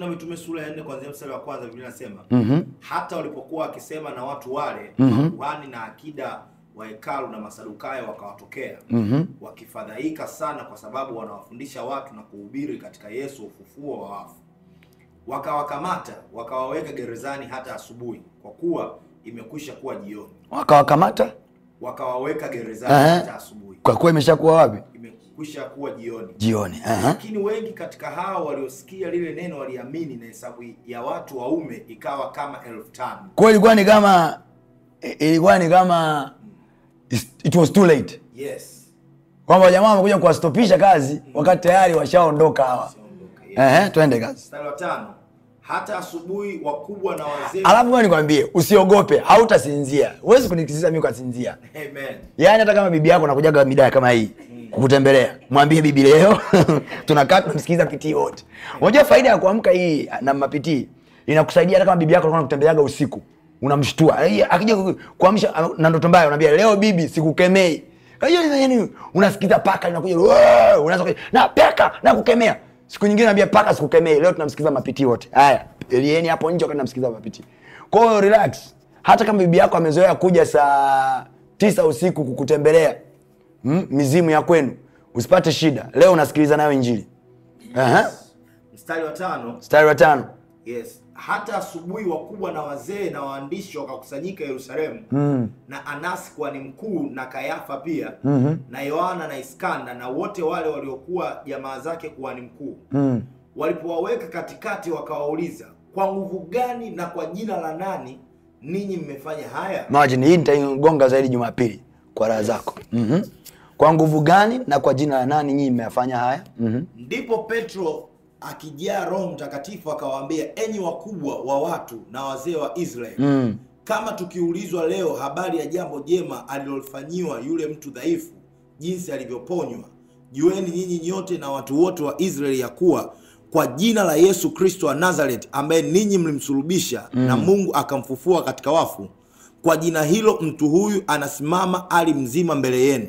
Matendo ya Mitume sura ya 4 kuanzia mstari wa kwanza Biblia inasema mm -hmm. hata walipokuwa wakisema na watu wale mm -hmm. makuhani na akida wa hekalu na Masadukayo wakawatokea mm -hmm. wakifadhaika sana, kwa sababu wanawafundisha watu na kuhubiri katika Yesu ufufuo wa wafu. Wakawakamata wakawaweka gerezani hata asubuhi, kwa kuwa imekwisha kuwa jioni. Wakawakamata wakawaweka gerezani hata asubuhi, kwa kuwa imeshakuwa wapi? imekwisha kuwa jioni. Jioni. Lakini uh -huh. wengi katika hao waliosikia lile neno waliamini na hesabu ya watu waume ikawa kama elfu tano. Kwa hiyo ilikuwa ni kama ilikuwa ni kama it was too late. Yes. Kwamba jamaa wamekuja kuwastopisha kazi mm. wakati tayari washaondoka hawa. Eh, yes. Twende kazi. Mstari wa tano. Hata asubuhi wakubwa na wazee. Alafu wewe nikwambie, usiogope, hautasinzia. Huwezi kunikisiza mimi kwa sinzia. Amen. Yaani hata kama bibi yako anakujaga midaya kama hii kukutembelea mwambie bibi leo tunakaa tunamsikiliza pitii wote unajua faida ya kuamka hii na mapitii inakusaidia hata kama bibi yako nakutembeleaga usiku unamshtua akija kuamsha na ndoto mbaya unaambia leo bibi sikukemei yani unasikiza paka linakuja unaanza na peka na kukemea siku nyingine naambia paka sikukemei leo tunamsikiza mapitii wote haya lieni hapo nje wakati namsikiliza mapitii kwa hiyo relax hata kama bibi yako amezoea kuja saa tisa usiku kukutembelea mm, mizimu ya kwenu usipate shida. Leo unasikiliza nayo Injili. yes. mstari wa tano, mstari wa tano. Yes. Hata asubuhi wakubwa na wazee na waandishi wakakusanyika Yerusalemu mm. na Anasi kuhani mkuu na Kayafa pia mm -hmm. na Yohana na Iskanda na wote wale waliokuwa jamaa zake kuani mkuu mm. walipowaweka katikati, wakawauliza kwa nguvu gani na kwa jina la nani ninyi mmefanya haya? Imagine, hii nitaigonga zaidi Jumapili kwa raha zako. yes. mm -hmm kwa nguvu gani na kwa jina la nani nyinyi mmeyafanya haya? mm -hmm. Ndipo Petro akijaa Roho Mtakatifu akawaambia, enyi wakubwa wa watu na wazee wa Israeli, mm. kama tukiulizwa leo habari ya jambo jema alilofanyiwa yule mtu dhaifu, jinsi alivyoponywa, jueni nyinyi nyote na watu wote wa Israeli ya kuwa kwa jina la Yesu Kristo wa nazaret ambaye ninyi mlimsulubisha mm. na Mungu akamfufua katika wafu, kwa jina hilo mtu huyu anasimama ali mzima mbele yenu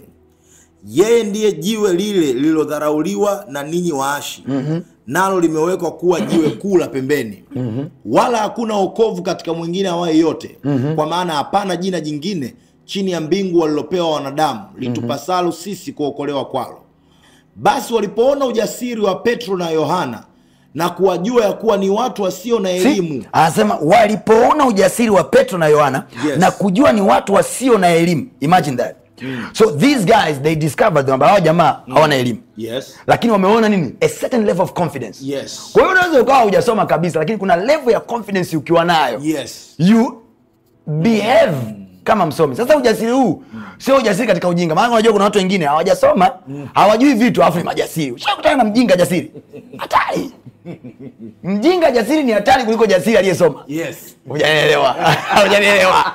yeye ndiye jiwe lile lililodharauliwa na ninyi waashi, mm -hmm. nalo limewekwa kuwa jiwe kuu la pembeni, mm -hmm. wala hakuna wokovu katika mwingine awaye yote, mm -hmm. kwa maana hapana jina jingine chini ya mbingu walilopewa wanadamu litupasalo mhm. sisi kuokolewa kwalo. Basi walipoona ujasiri wa Petro na Yohana na kuwajua ya kuwa ni watu wasio na elimu. Si, anasema walipoona ujasiri wa Petro na Yohana, yes. na kujua ni watu wasio na elimu. Imagine that Mm. so these guys they discovered kwamba hawa jamaa mm. hawana elimu yes. lakini wameona nini a certain level of confidence yes. kwa hiyo unaweza ukawa hujasoma kabisa lakini kuna level ya confidence ukiwa nayo yes. you behave mm. kama msomi sasa ujasiri huu mm. sio ujasiri katika ujinga maana unajua kuna watu wengine hawajasoma mm. hawajui vitu afu ni majasiri ushakutana na mjinga jasiri hatari Mjinga jasiri ni hatari kuliko jasiri aliyesoma. Yes. Hujanielewa. Hujanielewa.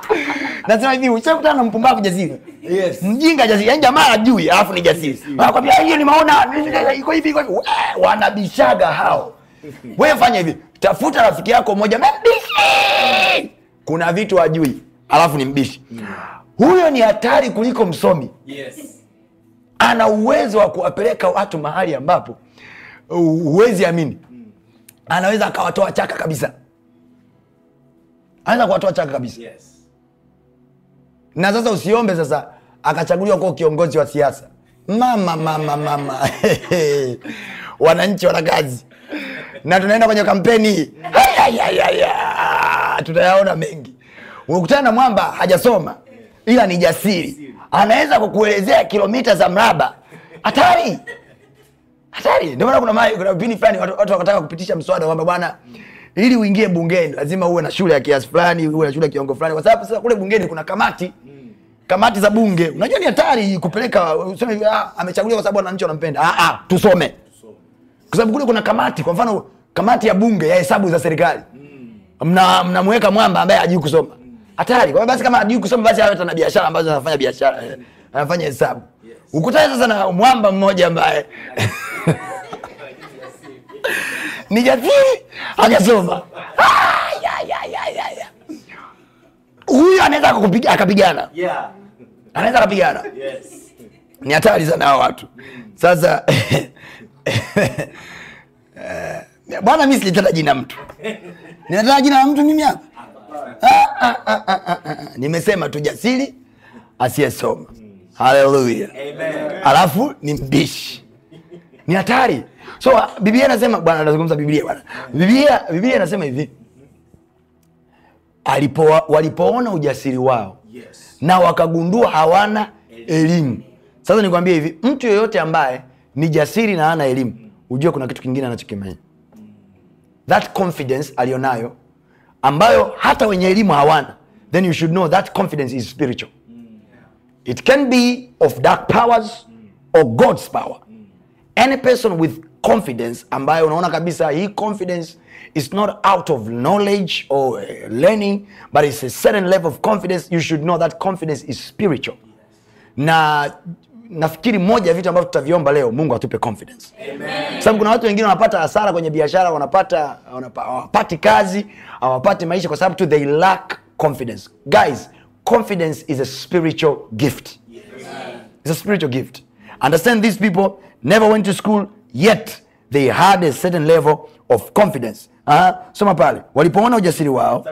Nasema hivi, ushakutana na mpumbavu jasiri? Yes. Mjinga jasiri, yaani jamaa ajui alafu ni jasiri. Wanakwambia hiyo nimeona iko hivi iko hivi. Wanabishaga hao. Wewe fanya hivi, tafuta rafiki yako mmoja mbishi. Kuna vitu ajui, alafu ni mbishi. Huyo ni hatari kuliko msomi. Yes. Ana uwezo wa kuwapeleka watu mahali ambapo huwezi amini anaweza akawatoa chaka kabisa, anaweza kuwatoa chaka kabisa yes. Na sasa usiombe sasa akachaguliwa kuwa kiongozi wa siasa mama mama mama wananchi wana kazi na tunaenda kwenye kampeni tutayaona mengi. Ukutana na mwamba hajasoma, ila ni jasiri, anaweza kukuelezea kilomita za mraba hatari hatari. Ndio maana kuna mai, kuna vipindi fulani watu, watu wakataka kupitisha mswada kwamba bwana ili uingie bungeni lazima uwe na shule ya kiasi fulani, uwe na shule ya kiwango fulani, kwa sababu sasa kule bungeni kuna kamati kamati za bunge. Unajua ni hatari kupeleka useme hivi ah, amechaguliwa kwa sababu wananchi wanampenda. Ah ah, tusome. Kwa sababu kule kuna kamati, kwa mfano kamati ya bunge ya hesabu za serikali. Mna mnamweka mwamba ambaye hajui kusoma. Hatari. Kwa basi kama hajui kusoma basi hata na biashara ambazo anafanya biashara. Eh anafanya hesabu yes. ukutane sasa na mwamba mmoja ambaye ni jasiri akasoma huyu anaweza akapigana yeah. anaweza akapigana yes. ni hatari sana hao watu sasa uh, bwana mi silitata jina mtu ninatata jina la mtu mimi hapa ah, ah, ah, nimesema tu jasiri asiyesoma haleluya, alafu ni mbishi, ni hatari. So bibilia nasema bwana, nazungumza bibilia bwana, bibilia bibilia nasema hivi alipo, walipoona ujasiri wao yes, na wakagundua hawana elimu. Sasa nikwambie hivi, mtu yoyote ambaye ni jasiri na hana elimu, ujue kuna kitu kingine anachokimanya That confidence alionayo ambayo hata wenye elimu hawana, then you should know that confidence is spiritual. It can be of dark powers or God's power. Any person with confidence ambayo unaona kabisa hii confidence is not out of knowledge or eh, learning but it's a certain level of confidence you should know that confidence is spiritual na nafikiri moja ya vitu ambavyo tutaviomba leo mungu atupe confidence sababu kuna watu wengine wanapata hasara kwenye biashara wanapata hawapati kazi hawapati maisha kwa sababu tu they lack confidence guys confidence is a spiritual gift. Yes. It's a spiritual gift. Understand these people never went to school, yet they had a certain level of confidence. Aha, soma pale walipoona ujasiri wao.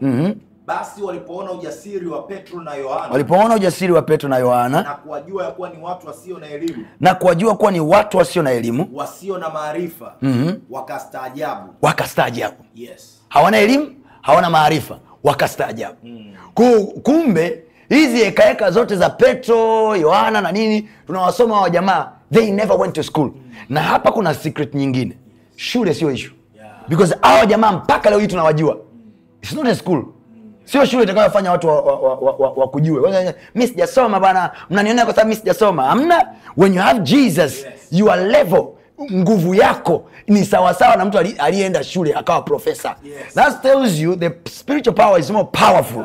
Mm-hmm. Basi walipoona ujasiri wa Petro na Yohana, walipoona ujasiri wa Petro na Yohana na kuwajua kuwa ni watu wasio na elimu, na kuwajua kuwa ni watu wasio na elimu, wasio na maarifa, mm-hmm. wakastaajabu, wakastaajabu. Yes, hawana elimu, hawana maarifa wakastaajabu mm. kumbe hizi hekaheka zote za petro yohana na nini tunawasoma wa jamaa they never went to school mm. na hapa kuna secret nyingine shule sio ishu yeah. because awa jamaa mpaka leo hii tunawajua mm. It's not a school sio shule itakayofanya watu wakujue wa, wa, wa, wa, wa mi sijasoma bana mnanionea kwa sababu mi sijasoma amna when you have jesus yes. you level nguvu yako ni sawasawa na mtu aliyeenda shule akawa profesa yes. that tells you the spiritual power is more powerful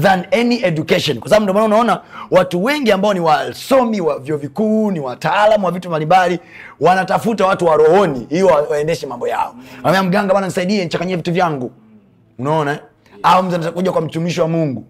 than any education kwa sababu ndomaana unaona watu wengi ambao ni wasomi wa vyo vikuu ni wataalamu wa vitu mbalimbali wanatafuta watu wa rohoni hiyo waendeshe mambo yao mm. mganga bana nisaidie nichakanyie vitu vyangu unaona eh? au mzee anakuja kwa mtumishi wa mungu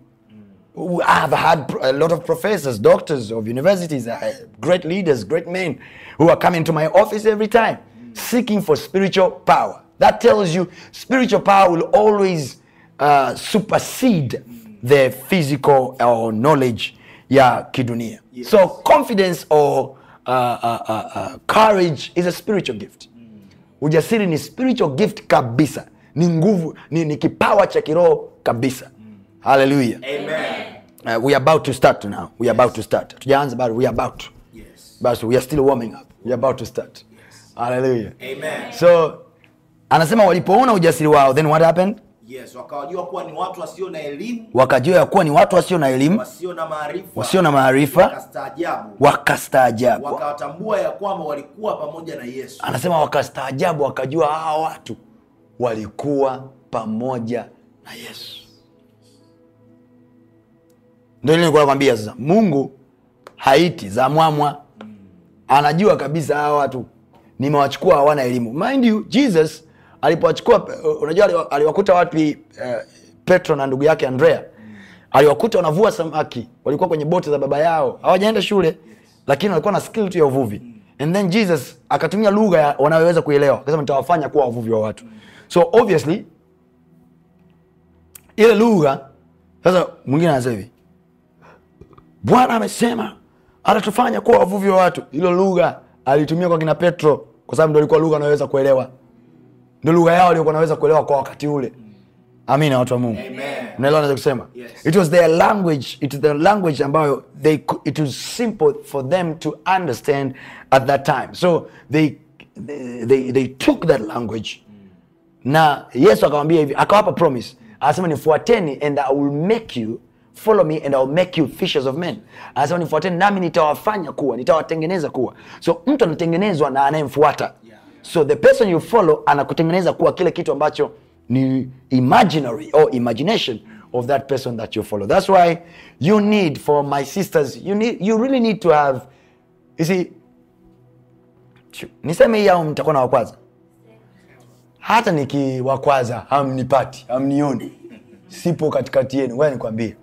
I've had a lot of professors, doctors of universities, uh, great leaders, great men who are coming to my office every time seeking for spiritual power. That tells you spiritual power will always uh, supersede the physical or uh, knowledge ya kidunia. Yes. So confidence or uh, uh, uh courage is a spiritual gift. Hmm. Ujasiri ni spiritual gift kabisa, ni nguvu, ni, ni kipawa cha kiroho kabisa haleluya uh, we about to start now we about to start tujaanza bado we about yes. but we are still warming up we about to start yes. haleluya so anasema walipoona ujasiri wao then what happened Yes, wakajua kuwa ni watu wasio na elimu, ya kuwa ni watu wasio na elimu, wasio na maarifa, wakastaajabu, Anasema wakastaajabu, wakajua hawa watu walikuwa pamoja na Yesu. Ndio nilikuwa nakwambia sasa, Mungu haiti za mwamwa, anajua kabisa hawa watu nimewachukua hawana elimu. Mind you Jesus alipowachukua, unajua aliwakuta wapi? Uh, Petro na ndugu yake Andrea aliwakuta wanavua samaki, walikuwa kwenye boti za baba yao, hawajaenda shule, lakini walikuwa na skill tu ya uvuvi. And then Jesus akatumia lugha wanayoweza kuelewa, akasema nitawafanya kuwa wavuvi wa watu. So obviously ile lugha sasa, mwingine anasema hivi Bwana amesema atatufanya kuwa wavuvi wa watu. Hilo lugha alitumia kwa kina Petro kwa sababu ndo ilikuwa lugha anayoweza kuelewa, ndo lugha yao waliokuwa naweza kuelewa kwa wakati ule. Amina, watu wa Mungu, unaelewa naweza kusema yes. It was their language, it is the language ambayo they, it was simple for them to understand at that time, so they, they, they, they took that language Na Yesu akawambia hivi, akawapa promise, anasema nifuateni and I will make you follow me and I'll make you fishers of men. Anasema nifuateni nami nitawafanya kuwa, nitawatengeneza kuwa. So mtu anatengenezwa na anayemfuata. So the person you follow anakutengeneza kuwa kile kitu ambacho ni imaginary or imagination of that person that you follow. That's why you need for my sisters, you need you really need to have you see niseme hii au mtakuwa na wakwaza hata nikiwakwaza hamnipati hamnioni sipo katikati yenu wewe nikwambie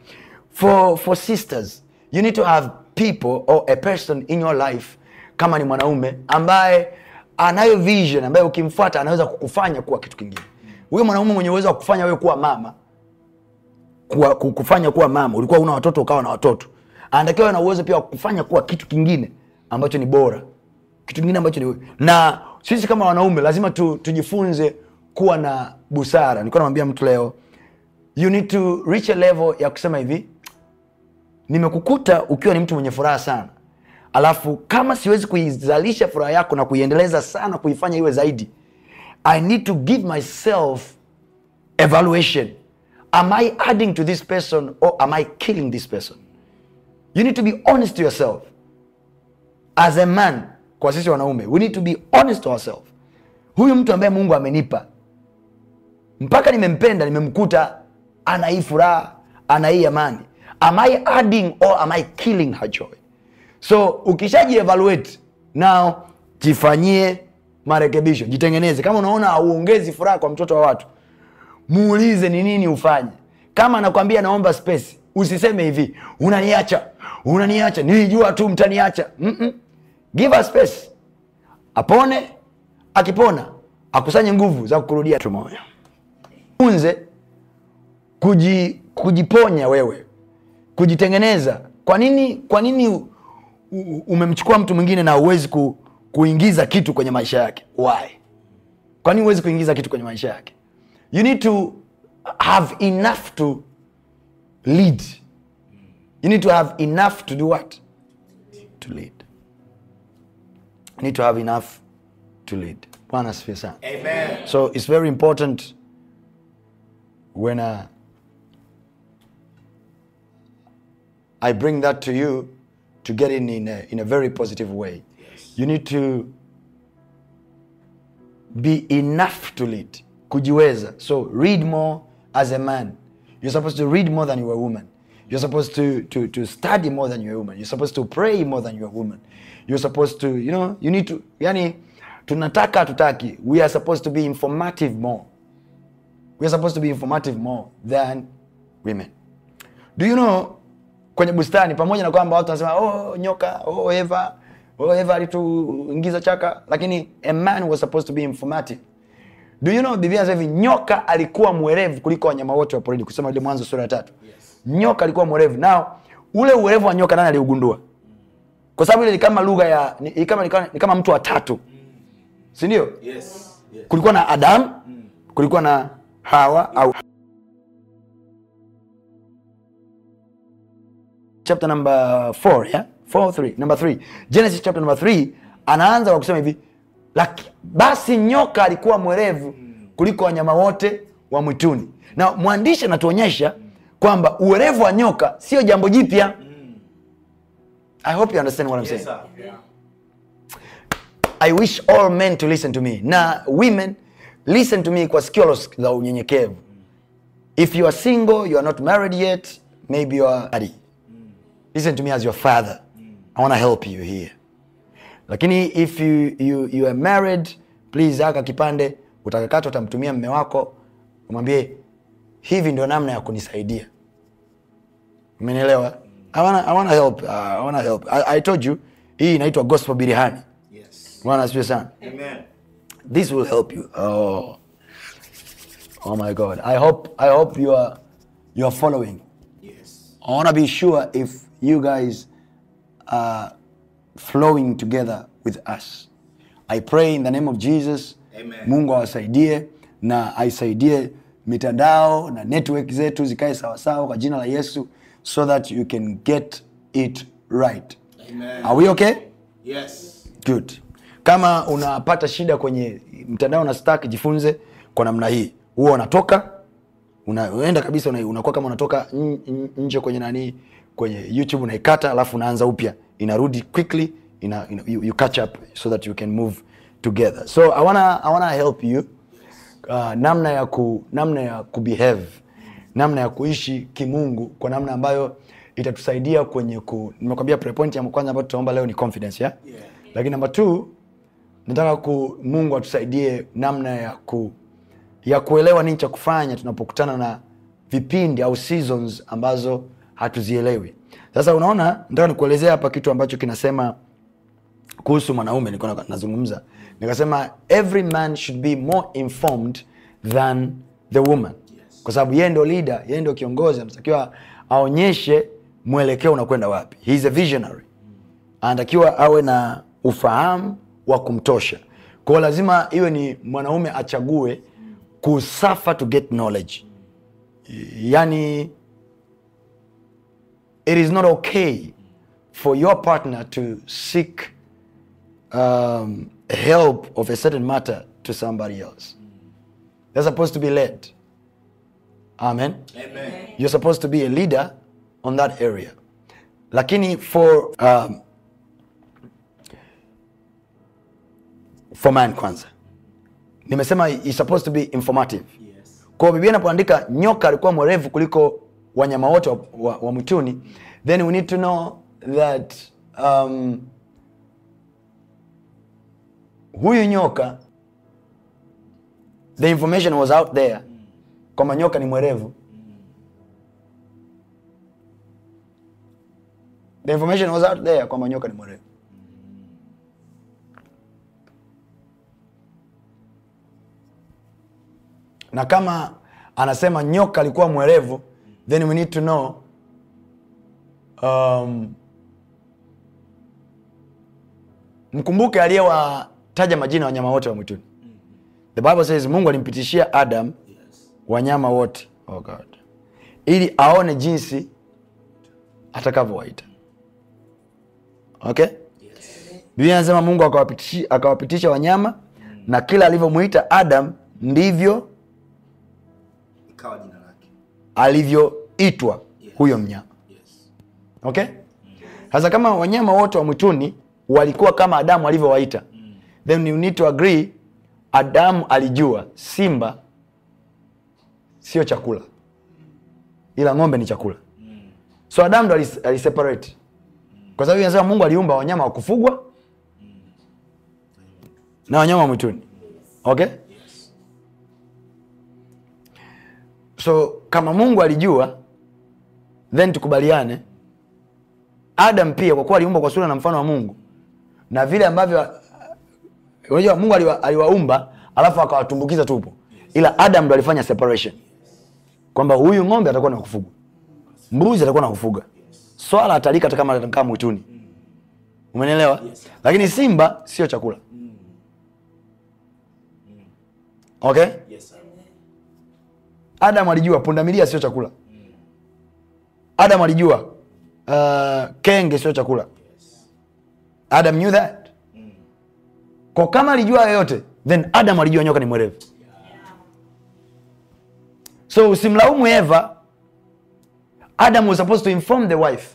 for, for sisters you need to have people or a person in your life kama ni mwanaume ambaye anayo vision ambaye ukimfuata anaweza kukufanya kuwa kitu kingine huyo mwanaume mwenye uwezo wa kufanya wewe kuwa mama kuwa, kufanya kuwa mama ulikuwa una watoto ukawa na watoto anatakiwa na uwezo pia wa kufanya kuwa kitu kingine ambacho ni bora kitu kingine ambacho ni na sisi kama wanaume lazima tu, tujifunze kuwa na busara nilikuwa namwambia mtu leo you need to reach a level ya kusema hivi nimekukuta ukiwa ni mtu mwenye furaha sana alafu kama siwezi kuizalisha furaha yako na kuiendeleza sana kuifanya iwe zaidi i need to give myself evaluation am i adding to this person or am i killing this person you need to be honest to yourself as a man kwa sisi wanaume we need to be honest to ourselves huyu mtu ambaye mungu amenipa mpaka nimempenda nimemkuta ana hii furaha ana hii amani am i adding or am i killing her joy so ukishaji evaluate now jifanyie marekebisho jitengeneze kama unaona hauongezi furaha kwa mtoto wa watu muulize ni nini ufanye kama anakwambia naomba space usiseme hivi unaniacha unaniacha nilijua tu mtaniacha Mm-mm. give her space apone akipona akusanye nguvu za kukurudia tumoya unze kuji, kujiponya wewe kujitengeneza. Kwa nini, kwa nini umemchukua mtu mwingine na uwezi ku, kuingiza kitu kwenye maisha yake? Why? Kwa nini uwezi kuingiza kitu kwenye maisha yake? You need to have enough to lead. You need to have enough to do what? To lead. You need to have enough to lead. Bwana asifiwe sana. Amen. So it's very important when a I bring that to you to get in in a, in a very positive way. Yes. You need to be enough to lead. Kujiweza. So read more as a man. You're supposed to read more than you're a woman. You're supposed to, to, to study more than you're a woman. You're supposed to pray more than you're a woman. You're supposed to, you know, you need to, yani, tunataka tutaki. We are supposed to be informative more. We are supposed to be informative more than women. Do you know kwenye bustani, pamoja na kwamba watu wanasema oh, nyoka oh, Eva oh, Eva alituingiza chaka, lakini a man was supposed to be informative. Do you know Biblia sasa hivi, nyoka alikuwa mwerevu kuliko wanyama wote wa porini, kusema ile Mwanzo sura ya tatu. Yes. Nyoka alikuwa mwerevu. Nao ule uwerevu wa nyoka nani aliugundua? Kwa sababu ile ni kama lugha ya ni kama, ni kama, ni kama mtu wa tatu, si ndio? Yes. Yes. Kulikuwa na Adamu, mm. kulikuwa na Hawa au chapter number 4 yeah? 4 3 number 3 Genesis chapter number 3 anaanza kwa kusema hivi laki, basi nyoka alikuwa mwerevu kuliko wanyama wote wa mwituni. Na mwandishi anatuonyesha kwamba uwerevu wa nyoka sio jambo jipya. I hope you understand what I'm saying. Yes, Yeah. I wish all men to listen to me. Na women listen to me kwa sikio la unyenyekevu. If you are single, you are not married yet, maybe you are listen to me as your father i want to help you here lakini if you, you, you are married please aka kipande utakakata utamtumia mme wako umwambie hivi ndio namna ya kunisaidia umenielewa I wanna, I wanna help, uh, I wanna help. I, I told you hii inaitwa gospel birihani yes. bwana asifiwe sana Amen. this will help you oh. oh my god i hope, I hope you, are, you are following yes. i want to be sure if you guys are flowing together with us. I pray in the name of Jesus. Amen. Mungu awasaidie na aisaidie mitandao na network zetu zikae sawasawa kwa jina la Yesu so that you can get it right. Amen. Are we okay? Yes. Good. Kama unapata shida kwenye mtandao na stack, jifunze kwa namna hii. Huwa unatoka unaenda kabisa unakuwa kama unatoka nje kwenye nani kwenye YouTube unaikata, alafu unaanza upya, inarudi quickly, ina, ina, you, you catch up so that you can move together. So I wanna, I wanna help you uh, namna ya ku, namna ya kubehave, namna ya kuishi kimungu kwa namna ambayo itatusaidia kwenye ku, nimekwambia prepoint ya kwanza ambayo tutaomba leo ni confidence ya yeah. Lakini namba 2 nataka ku Mungu atusaidie namna ya ku, ya kuelewa nini cha kufanya tunapokutana na vipindi au seasons ambazo hatuzielewi. Sasa unaona, nataka nikuelezea hapa kitu ambacho kinasema kuhusu mwanaume. Nilikuwa nazungumza nikasema, every man should be more informed than the woman, kwa sababu yeye ndio leader, yeye ndio kiongozi, anatakiwa aonyeshe mwelekeo unakwenda wapi. He is a visionary, anatakiwa awe na ufahamu wa kumtosha. Kwa lazima iwe ni mwanaume achague kusafa to get knowledge, yani it is not okay for your partner to seek um, help of a certain matter to somebody else. They're supposed to be led. Amen. Amen. You're supposed to be a leader on that area. Lakini for um, for man kwanza, nimesema is supposed to be informative. Yes. Kwa bibi inapoandika nyoka alikuwa mwerevu kuliko wanyama wote wa, wa, wa mwituni then we need to know that um, huyu nyoka the information was out there kwamba nyoka ni mwerevu the information was out there kwamba nyoka ni mwerevu na kama anasema nyoka alikuwa mwerevu then we need to know um, mkumbuke aliyewataja majina wanyama wote wa mwituni. The Bible says Mungu alimpitishia Adam wanyama wote oh God, ili aone jinsi atakavyowaita. Okay? Biblia anasema Mungu akawapitisha, akawapitisha wanyama na kila alivyomwita Adam ndivyo alivyo itwa huyo mnyama okay? Sasa kama wanyama wote wa mwituni walikuwa kama Adamu alivyowaita, then you need to agree, Adamu alijua simba sio chakula, ila ng'ombe ni chakula. So Adamu ndo aliseparate, kwa sababu inasema Mungu aliumba wanyama wa kufugwa na wanyama wa mwituni okay? So kama Mungu alijua then tukubaliane Adam pia kwa kuwa aliumba kwa sura na mfano wa Mungu na vile ambavyo uh, unajua Mungu aliwaumba alafu akawatumbukiza tupo, ila Adam ndo alifanya separation kwamba huyu ng'ombe atakuwa na kufuga, mbuzi atakuwa na kufuga, swala atalika hata kama atakaa mwituni, umenielewa? Lakini simba sio chakula. Mm. Mm. Okay, Adam alijua pundamilia sio chakula Adam alijua uh, kenge sio chakula. Adam knew that. Kwa kama alijua yoyote, then Adam alijua nyoka ni mwerevu. So usimlaumu Eva. Adam was supposed to inform the wife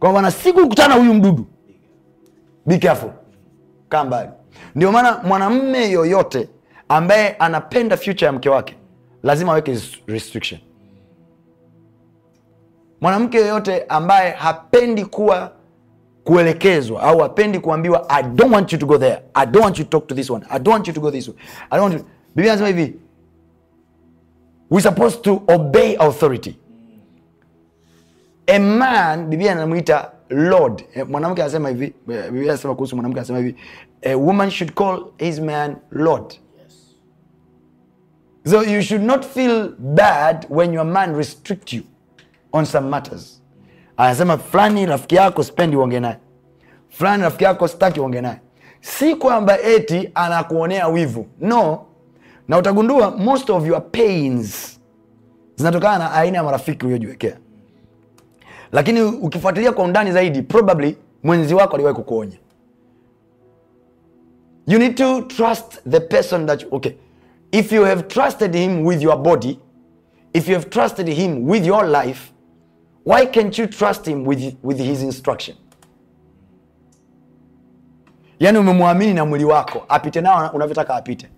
kwa bwana, siku ukutana huyu mdudu, be careful, kaa mbali. Ndio maana mwanamme yoyote ambaye anapenda future ya mke wake lazima aweke restriction. Mwanamke yoyote ambaye hapendi kuwa kuelekezwa au hapendi kuambiwa I don't want you to go there, I don't want you to talk to this one, I don't want you to go this way, I don't want you... Biblia anasema hivi we supposed to obey authority. A man, Biblia anamuita Lord. Eh, mwanamke anasema hivi, eh, Biblia anasema kuhusu mwanamke anasema hivi, a woman should call his man Lord. So you should not feel bad when your man restrict you. mm on some matters anasema fulani rafiki yako spendi uonge naye fulani rafiki yako sitaki uonge naye si kwamba eti anakuonea wivu no na utagundua most of your pains zinatokana na aina ya marafiki uliojiwekea lakini ukifuatilia kwa undani zaidi probably mwenzi wako aliwahi kukuonya you need to trust the person that you, okay if you have trusted him with your body if you have trusted him with your life Why can't you trust him with, with his instruction? Yaani umemwamini na mwili wako apite nao unavyotaka apite.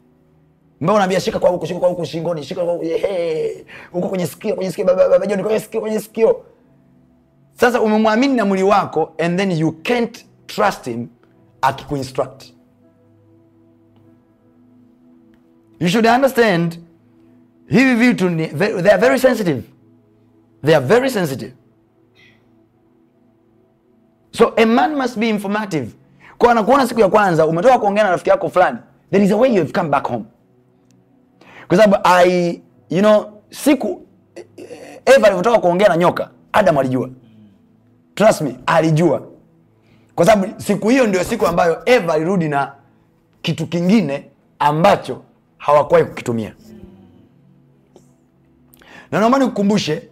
Mbona unaambia shika kwa huku, shika kwa huku shingoni, shika kwa huku, hey, huko kwenye sikio, kwenye sikio, baba, baba, kwenye sikio, kwenye sikio. Sasa umemwamini na mwili wako and then you can't trust him akikuinstruct. You should understand hivi vitu ni they are very sensitive. They are very sensitive so a man must be informative kwa anakuona siku ya kwanza umetoka kuongea na rafiki yako fulani there is a way you have come back home kwa sababu i you know siku eva alivyotoka kuongea na nyoka adam alijua trust me alijua kwa sababu siku hiyo ndio siku ambayo eva alirudi na kitu kingine ambacho hawakuwahi kukitumia na naomba nikukumbushe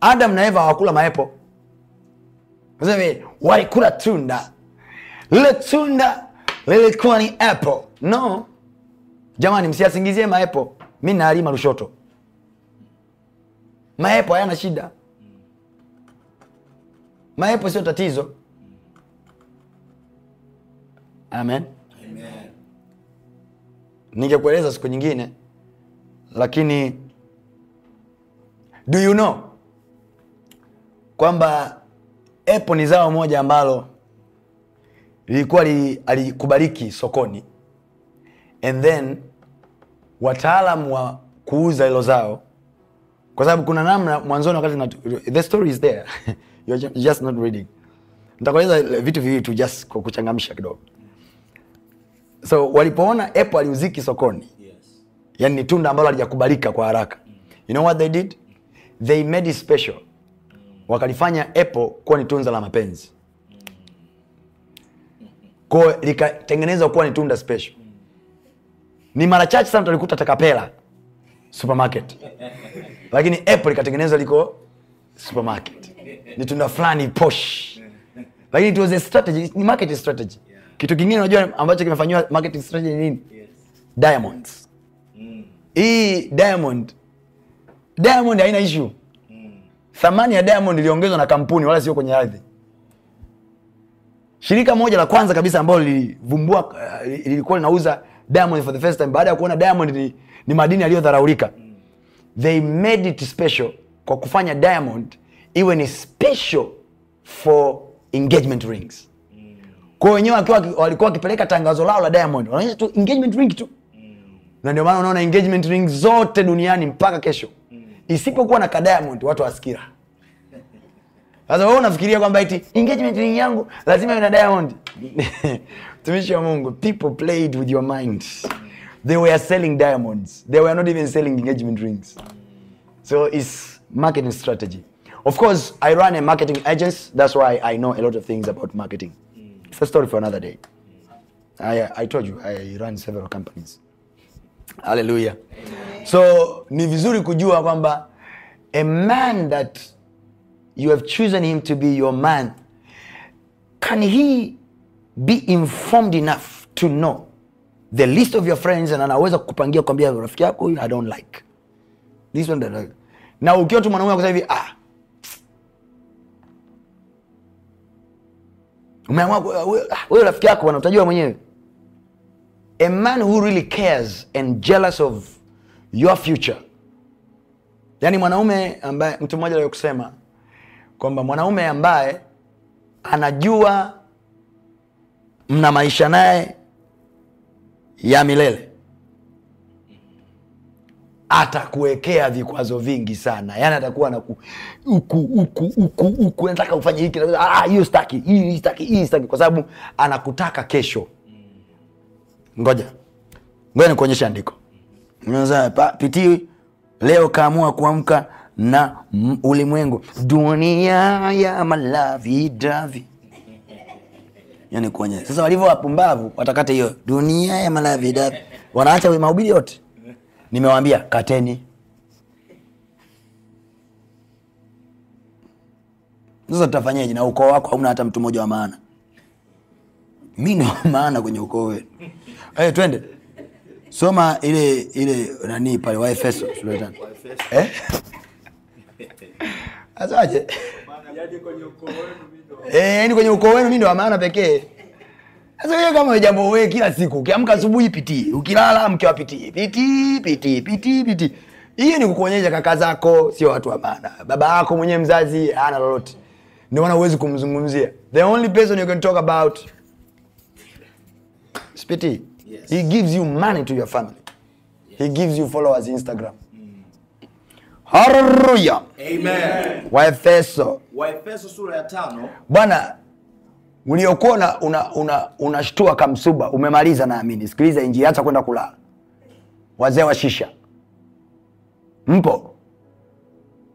adam na eva hawakula maepo Sema walikula tunda, lile tunda lilikuwa ni apple. No jamani, msiasingizie maepo. Mi naalima Lushoto, maepo hayana shida, maepo sio tatizo. Amen, amen. Ningekueleza siku nyingine, lakini do you know kwamba Apple ni zao moja ambalo lilikuwa li, alikubaliki sokoni and then wataalamu wa kuuza hilo zao, kwa sababu kuna namna mwanzoni, wakati the story is there you're just not reading. Nitakueleza vitu viwili tu just kwa kuchangamsha kidogo. So walipoona Apple aliuziki sokoni, yes. Yani ni tunda ambalo halijakubalika kwa haraka. You know what they did? They made it special wakalifanya Apple kuwa ni tunza la mapenzi kwao, likatengenezwa kuwa ni tunda special. Ni mara chache sana tulikuta Takapela supermarket, lakini Apple likatengenezwa liko supermarket, ni tunda fulani posh, lakini it was a strategy, ni marketing strategy. Kitu kingine unajua ambacho kimefanywa marketing strategy ni nini? Diamonds. Mm. Hii Diamond Diamond haina issue thamani ya Diamond iliongezwa na kampuni wala sio kwenye ardhi. Shirika moja la kwanza kabisa ambalo lilivumbua eh, lilikuwa linauza Diamond for the first time baada ya kuona Diamond ni, ni madini yaliyodharaulika. They made it special kwa kufanya Diamond iwe ni special for engagement rings. Kwa wenyewe akiwa walikuwa wakipeleka tangazo lao la Diamond, wanaonyesha tu engagement ring tu. Na ndio maana unaona engagement ring zote duniani mpaka kesho isipokuwa na Kadiamond watu wasikira. Sasa wewe unafikiria kwamba eti engagement ring yangu lazima ina Diamond. Mtumishi wa Mungu, people played with your mind. They were selling diamonds. They were not even selling engagement rings. So it's marketing strategy. Of course, I run a marketing agency. That's why I know a lot of things about marketing. It's a story for another day. I, I told you, I run several companies. Hallelujah. Amen. So ni vizuri kujua kwamba a man that you have chosen him to be your man can he be informed enough to know the list of your friends and anaweza kupangia kwambia rafiki yako I don't like this one that like. Na ukiwa tu mwanaume akasema hivi ah, umeamua ah, ah, rafiki yako bwana, utajua mwenyewe. A man who really cares and jealous of your future. Yaani mwanaume ambaye, mtu mmoja kusema kwamba mwanaume ambaye anajua mna maisha naye ya milele atakuwekea vikwazo vingi sana, yaani atakuwa na huku nataka ufanye hiki, ah, hiyo staki, hii staki, hii staki, kwa sababu anakutaka kesho. Ngoja ngoja nikuonyeshe andiko pitii leo kaamua kuamka na ulimwengu, dunia ya malavidavi yani kuonyesha sasa, walivyo wapumbavu watakata hiyo dunia ya malavidavi, wanaacha mahubiri yote. Nimewaambia kateni. Sasa tutafanyaje? Na ukoo wako hauna hata mtu mmoja wa maana. Mi ni wa maana kwenye ukoo wenu. Hey, twende Soma ile ile nani pale wa Efeso sura ya 5. Eh? Azaje? Yaani kwenye ukoo wenu Eh, yani kwenye ukoo wenu mimi ndo maana pekee. Sasa wewe kama wewe jambo wewe kila siku ukiamka asubuhi piti, ukilala mke wapiti, piti, piti, piti, piti. Hiyo ni kukuonyesha kaka zako sio watu wa maana. Baba yako mwenyewe mzazi hana lolote. Ndio maana huwezi kumzungumzia. The only person you can talk about Spiti. Yes. He gives you money to your family. Yes. He gives you followers Instagram. Mm. Hallelujah. Amen. Waefeso. Waefeso sura ya tano. Bwana uliokuwa una, una, unashtua kamsuba umemaliza naamini. Sikiliza injili acha kwenda kulala. Wazee wa shisha. Mpo?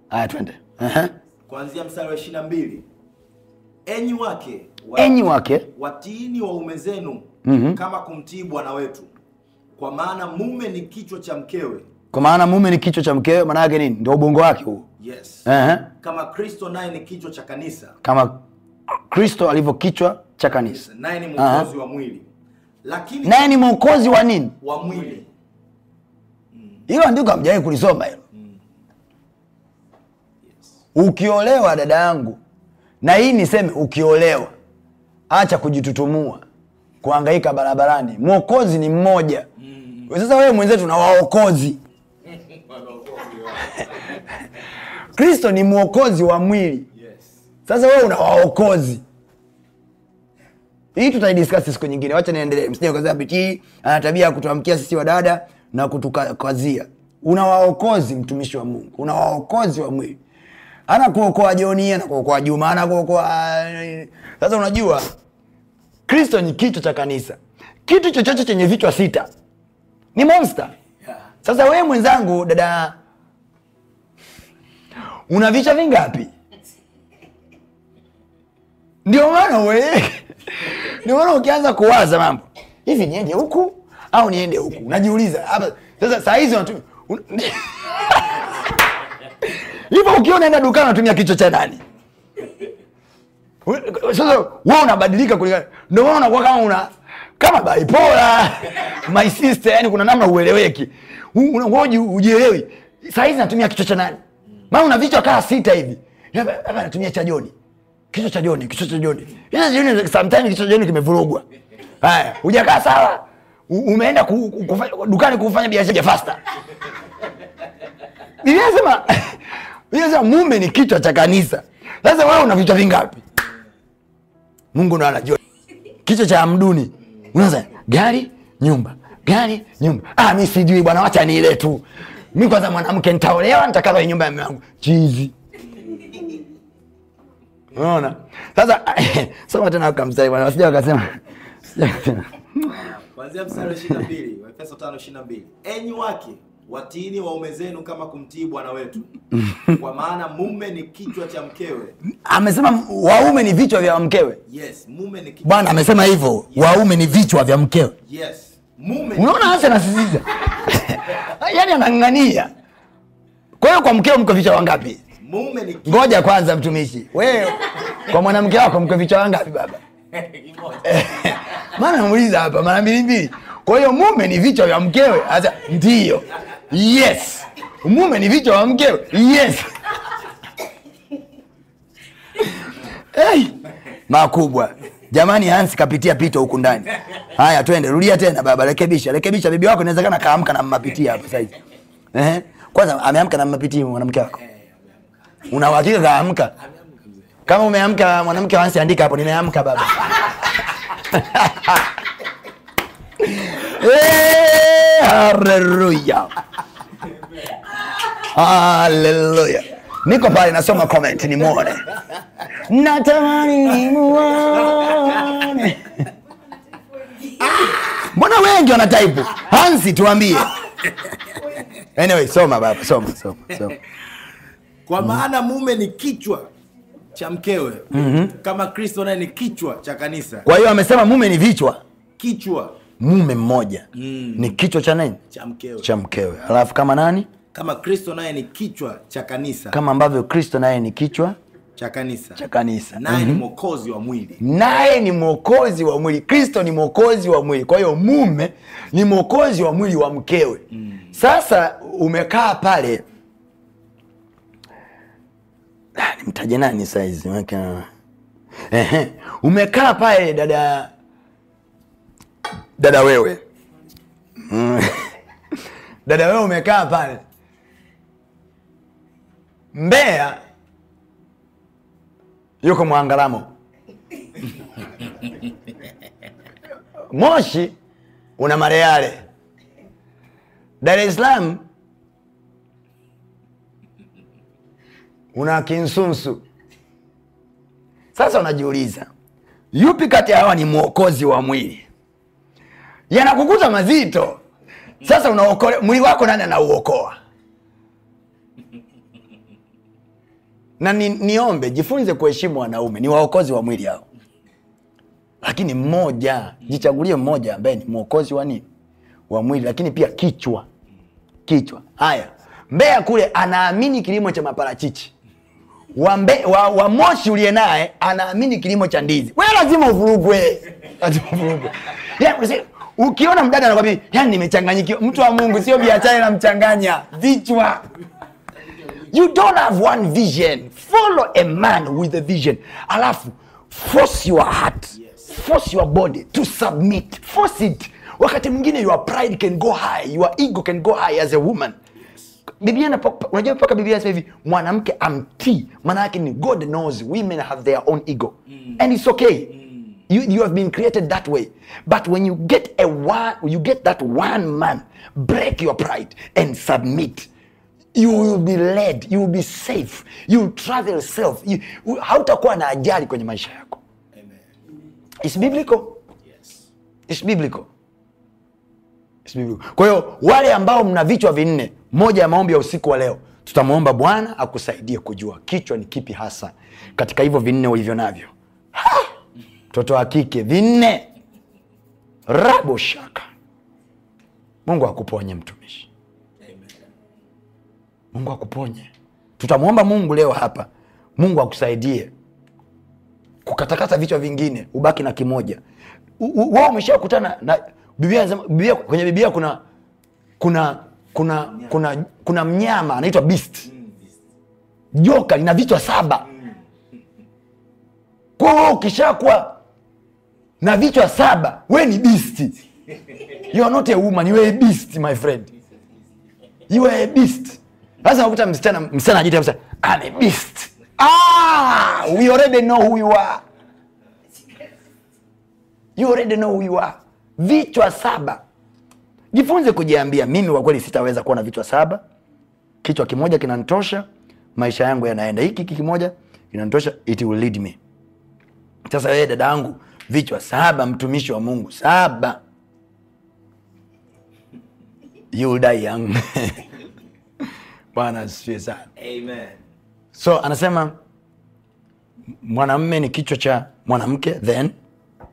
Haya twende. Eh Uh -huh. Kuanzia mstari wa 22. Enyi wake, wa, enyi wake, watiini waume zenu mm -hmm. kama kumtii bwana wetu, kwa maana mume ni kichwa cha mkewe. Kwa maana mume ni kichwa cha mkewe, maana yake nini? Ndio ubongo wake huo. Yes. uh -huh. Kama Kristo naye ni kichwa cha kanisa, kama Kristo alivyo kichwa cha kanisa. Yes. Naye ni mwokozi uh -huh. wa mwili, lakini naye ni mwokozi wa nini? Wa mwili. Mm. Hilo andiko hamjawahi kulisoma hilo. Mm. Ukiolewa dada yangu, na hii niseme, ukiolewa acha kujitutumua kuhangaika barabarani. Mwokozi ni mmoja. Mm. Sasa wewe mwenzetu na waokozi Kristo ni mwokozi wa mwili. Yes. Sasa wewe una waokozi. Hii tutaidiskasi siku nyingine, wacha niendelee. Msije kwa sababu hii ana tabia ya kutuamkia sisi wadada na kutukazia. Una waokozi, mtumishi wa Mungu, una waokozi wa mwili. Ana kuokoa Joni, ana kuokoa Juma, ana kuokoa. Eh, sasa unajua Kristo ni kichwa cha kanisa. Kitu chochote chenye vichwa sita ni monster. Sasa wewe mwenzangu, dada, una vichwa vingapi? Ndio maana wewe, ndio maana ukianza kuwaza mambo hivi, niende huku au niende huku, unajiuliza hapa sasa. Saa hizi unatumia hivyo, ukiona dukani unatumia kichwa cha nani? Sasa wewe unabadilika kulingana, ndio maana unakuwa kama una kama bipolar my sister, yani kuna namna ueleweki, unaoji ujielewi. Saa hizi natumia kichwa cha nani? Maana una vichwa kaa sita hivi, hapa natumia cha Joni, kichwa cha Joni, kichwa cha Joni, yaani kichwa Joni. Sometimes kichwa cha Joni kimevurugwa. Haya, hujakaa sawa, umeenda ku, ku, ku, dukani kufanya biashara ya faster. Biblia inasema Biblia inasema mume ni kichwa cha kanisa. Sasa wewe una vichwa vingapi? Mungu ndo anajua kichwa cha mduni. Unaanza gari nyumba, gari nyumba. Ah, mi sijui bwana, wacha ni ile tu. Mi kwanza mwanamke nitaolewa, nitakaa kwenye nyumba ya mume wangu chizi. Unaona sasa, soma tena kwa mstari bwana, wasija wakasema kuanzia mstari wa ishirini na mbili Waefeso tano ishirini na mbili enyi wake watini waume zenu kama kumtii bwana wetu, kwa maana mume ni kichwa cha mkewe. Amesema waume ni vichwa vya mkewe. Yes, mume ni kichwa. Bwana amesema hivyo, yes. Waume ni vichwa vya mkewe. Yes, mume. Unaona hasa anasisitiza yaani anang'ania. Kwa hiyo kwa mkeo mko vichwa wangapi? Mume ni kichwa. Ngoja kwanza, mtumishi wewe, kwa mwanamke wako mko vichwa wangapi baba? Mimi namuuliza hapa mara mbili mbili. Kwa hiyo mume ni vichwa vya mkewe. Sasa ndio yes mume ni vichwa wa mkewe yes hey. makubwa jamani hansi kapitia pito huku ndani haya twende rudia tena baba rekebisha rekebisha bibi wako inawezekana kaamka na mmapitia hapa saizi eh kwanza ameamka na mapitia mwanamke wako una uhakika kaamka kama umeamka mwanamke Hansi, andika hapo nimeamka baba Hey, eh, haleluya, haleluya. Niko pale nasoma comment nimuone, natamani nimuone. Mbona wengi wana type? Hansi, tuambie. Anyway, soma baba, soma, soma, soma. Kwa mm-hmm. maana mume ni kichwa cha mkewe, mm -hmm. kama Kristo naye ni kichwa cha kanisa. Kwa hiyo amesema mume ni vichwa, kichwa mume mmoja mm. ni kichwa cha nani? Cha mkewe. Alafu kama nani? Kama Kristo naye ni kichwa cha kanisa. Kama ambavyo Kristo naye ni kichwa cha kanisa. Cha kanisa. Naye mm -hmm. ni mhm. mwokozi wa mwili. Naye ni mwokozi wa mwili. Kristo ni mwokozi wa mwili. Kwa hiyo mume ni mwokozi wa mwili wa mkewe. Mm. Sasa umekaa pale ah, nimtaje nani saizi? Umekaa pale dada dada wewe dada wewe umekaa pale Mbeya, yuko Mwangalamo Moshi una Mareale, Dar es Salaam una Kinsunsu. Sasa unajiuliza yupi kati ya hawa ni mwokozi wa mwili? yanakukuta mazito. Sasa unaokole mwili wako, nani anauokoa? na ni, niombe jifunze kuheshimu wanaume, ni waokozi wa mwili hao, lakini mmoja jichagulie, mmoja ambaye ni mwokozi wa nini, wa mwili, lakini pia kichwa. Kichwa haya Mbeya kule anaamini kilimo cha maparachichi wa, mbe, wa, wa moshi uliye naye anaamini kilimo cha ndizi. We lazima uvurugwe, lazima uvurugwe. Ukiona mdada anakwambia yani nimechanganyikiwa, mtu wa Mungu, sio biashara mchanganya vichwa. You don't have one vision, follow a man with a vision, alafu force your heart, force your body to submit, force it. Wakati mwingine your pride can go high, your ego can go high as a woman. Biblia unajua mpaka Biblia sasa hivi mwanamke amtii, maana yake ni God knows women have their own ego mm. and it's okay mm. You, you have been created that way. But when you get a one, you get that one man, break your pride and submit. You will be led, you will be safe, you will travel self. Hautakuwa na ajali kwenye maisha yako. Amen. It's biblical. Yes. It's biblical. It's biblical. Kwa hiyo wale ambao mna vichwa vinne, moja ya maombi ya usiku wa leo, tutamwomba Bwana akusaidie kujua kichwa ni kipi hasa katika hivyo vinne ulivyo navyo. Ha! mtoto wa kike vinne rabo shaka mungu akuponye mtumishi mungu akuponye tutamwomba mungu leo hapa mungu akusaidie kukatakata vichwa vingine ubaki na kimoja wao umeshakutana na biblia, biblia kwenye biblia kuna kuna kuna mnyama. kuna kuna mnyama anaitwa beast joka lina vichwa saba kwa hiyo ukishakuwa na vichwa saba, we ni beast. You are not a woman, you are a beast my friend, you are a beast. Sasa ukuta msichana msichana ajita msichana I'm a beast. Ah, we already know who you are. You already know who you are. Vichwa saba. Jifunze kujiambia mimi kwa kweli sitaweza kuwa na vichwa saba. Kichwa kimoja kinanitosha, maisha yangu yanaenda. Hiki kimoja kinanitosha, it will lead me. Sasa wewe dada yangu vichwa saba, mtumishi wa Mungu saba, you die young Bwana asifiwe sana. Amen. So anasema mwanamme ni kichwa cha mwanamke then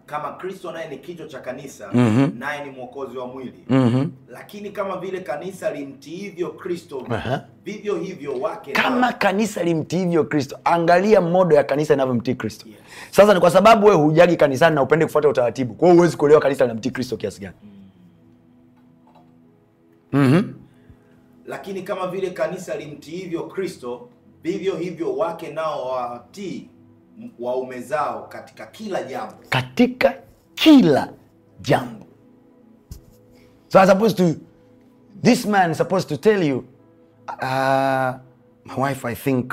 kama Kristo naye ni kichwa cha kanisa mm -hmm. naye ni mwokozi wa mwili mm -hmm. lakini kama vile kanisa limtiivyo Kristo uh -huh. vivyo hivyo wake kama na... kanisa limtiivyo Kristo. Angalia modo ya kanisa inavyomtii Kristo yes. Sasa ni kwa sababu wewe hujagi kanisani na upende kufuata utaratibu, kwa hiyo huwezi kuelewa kanisa linamtii Kristo kiasi gani. mm -hmm. Lakini kama vile kanisa limtiivyo Kristo, vivyo hivyo wake nao watii waume zao katika kila jambo, katika kila jambo. So I'm supposed to this man is supposed to tell you uh, my wife I think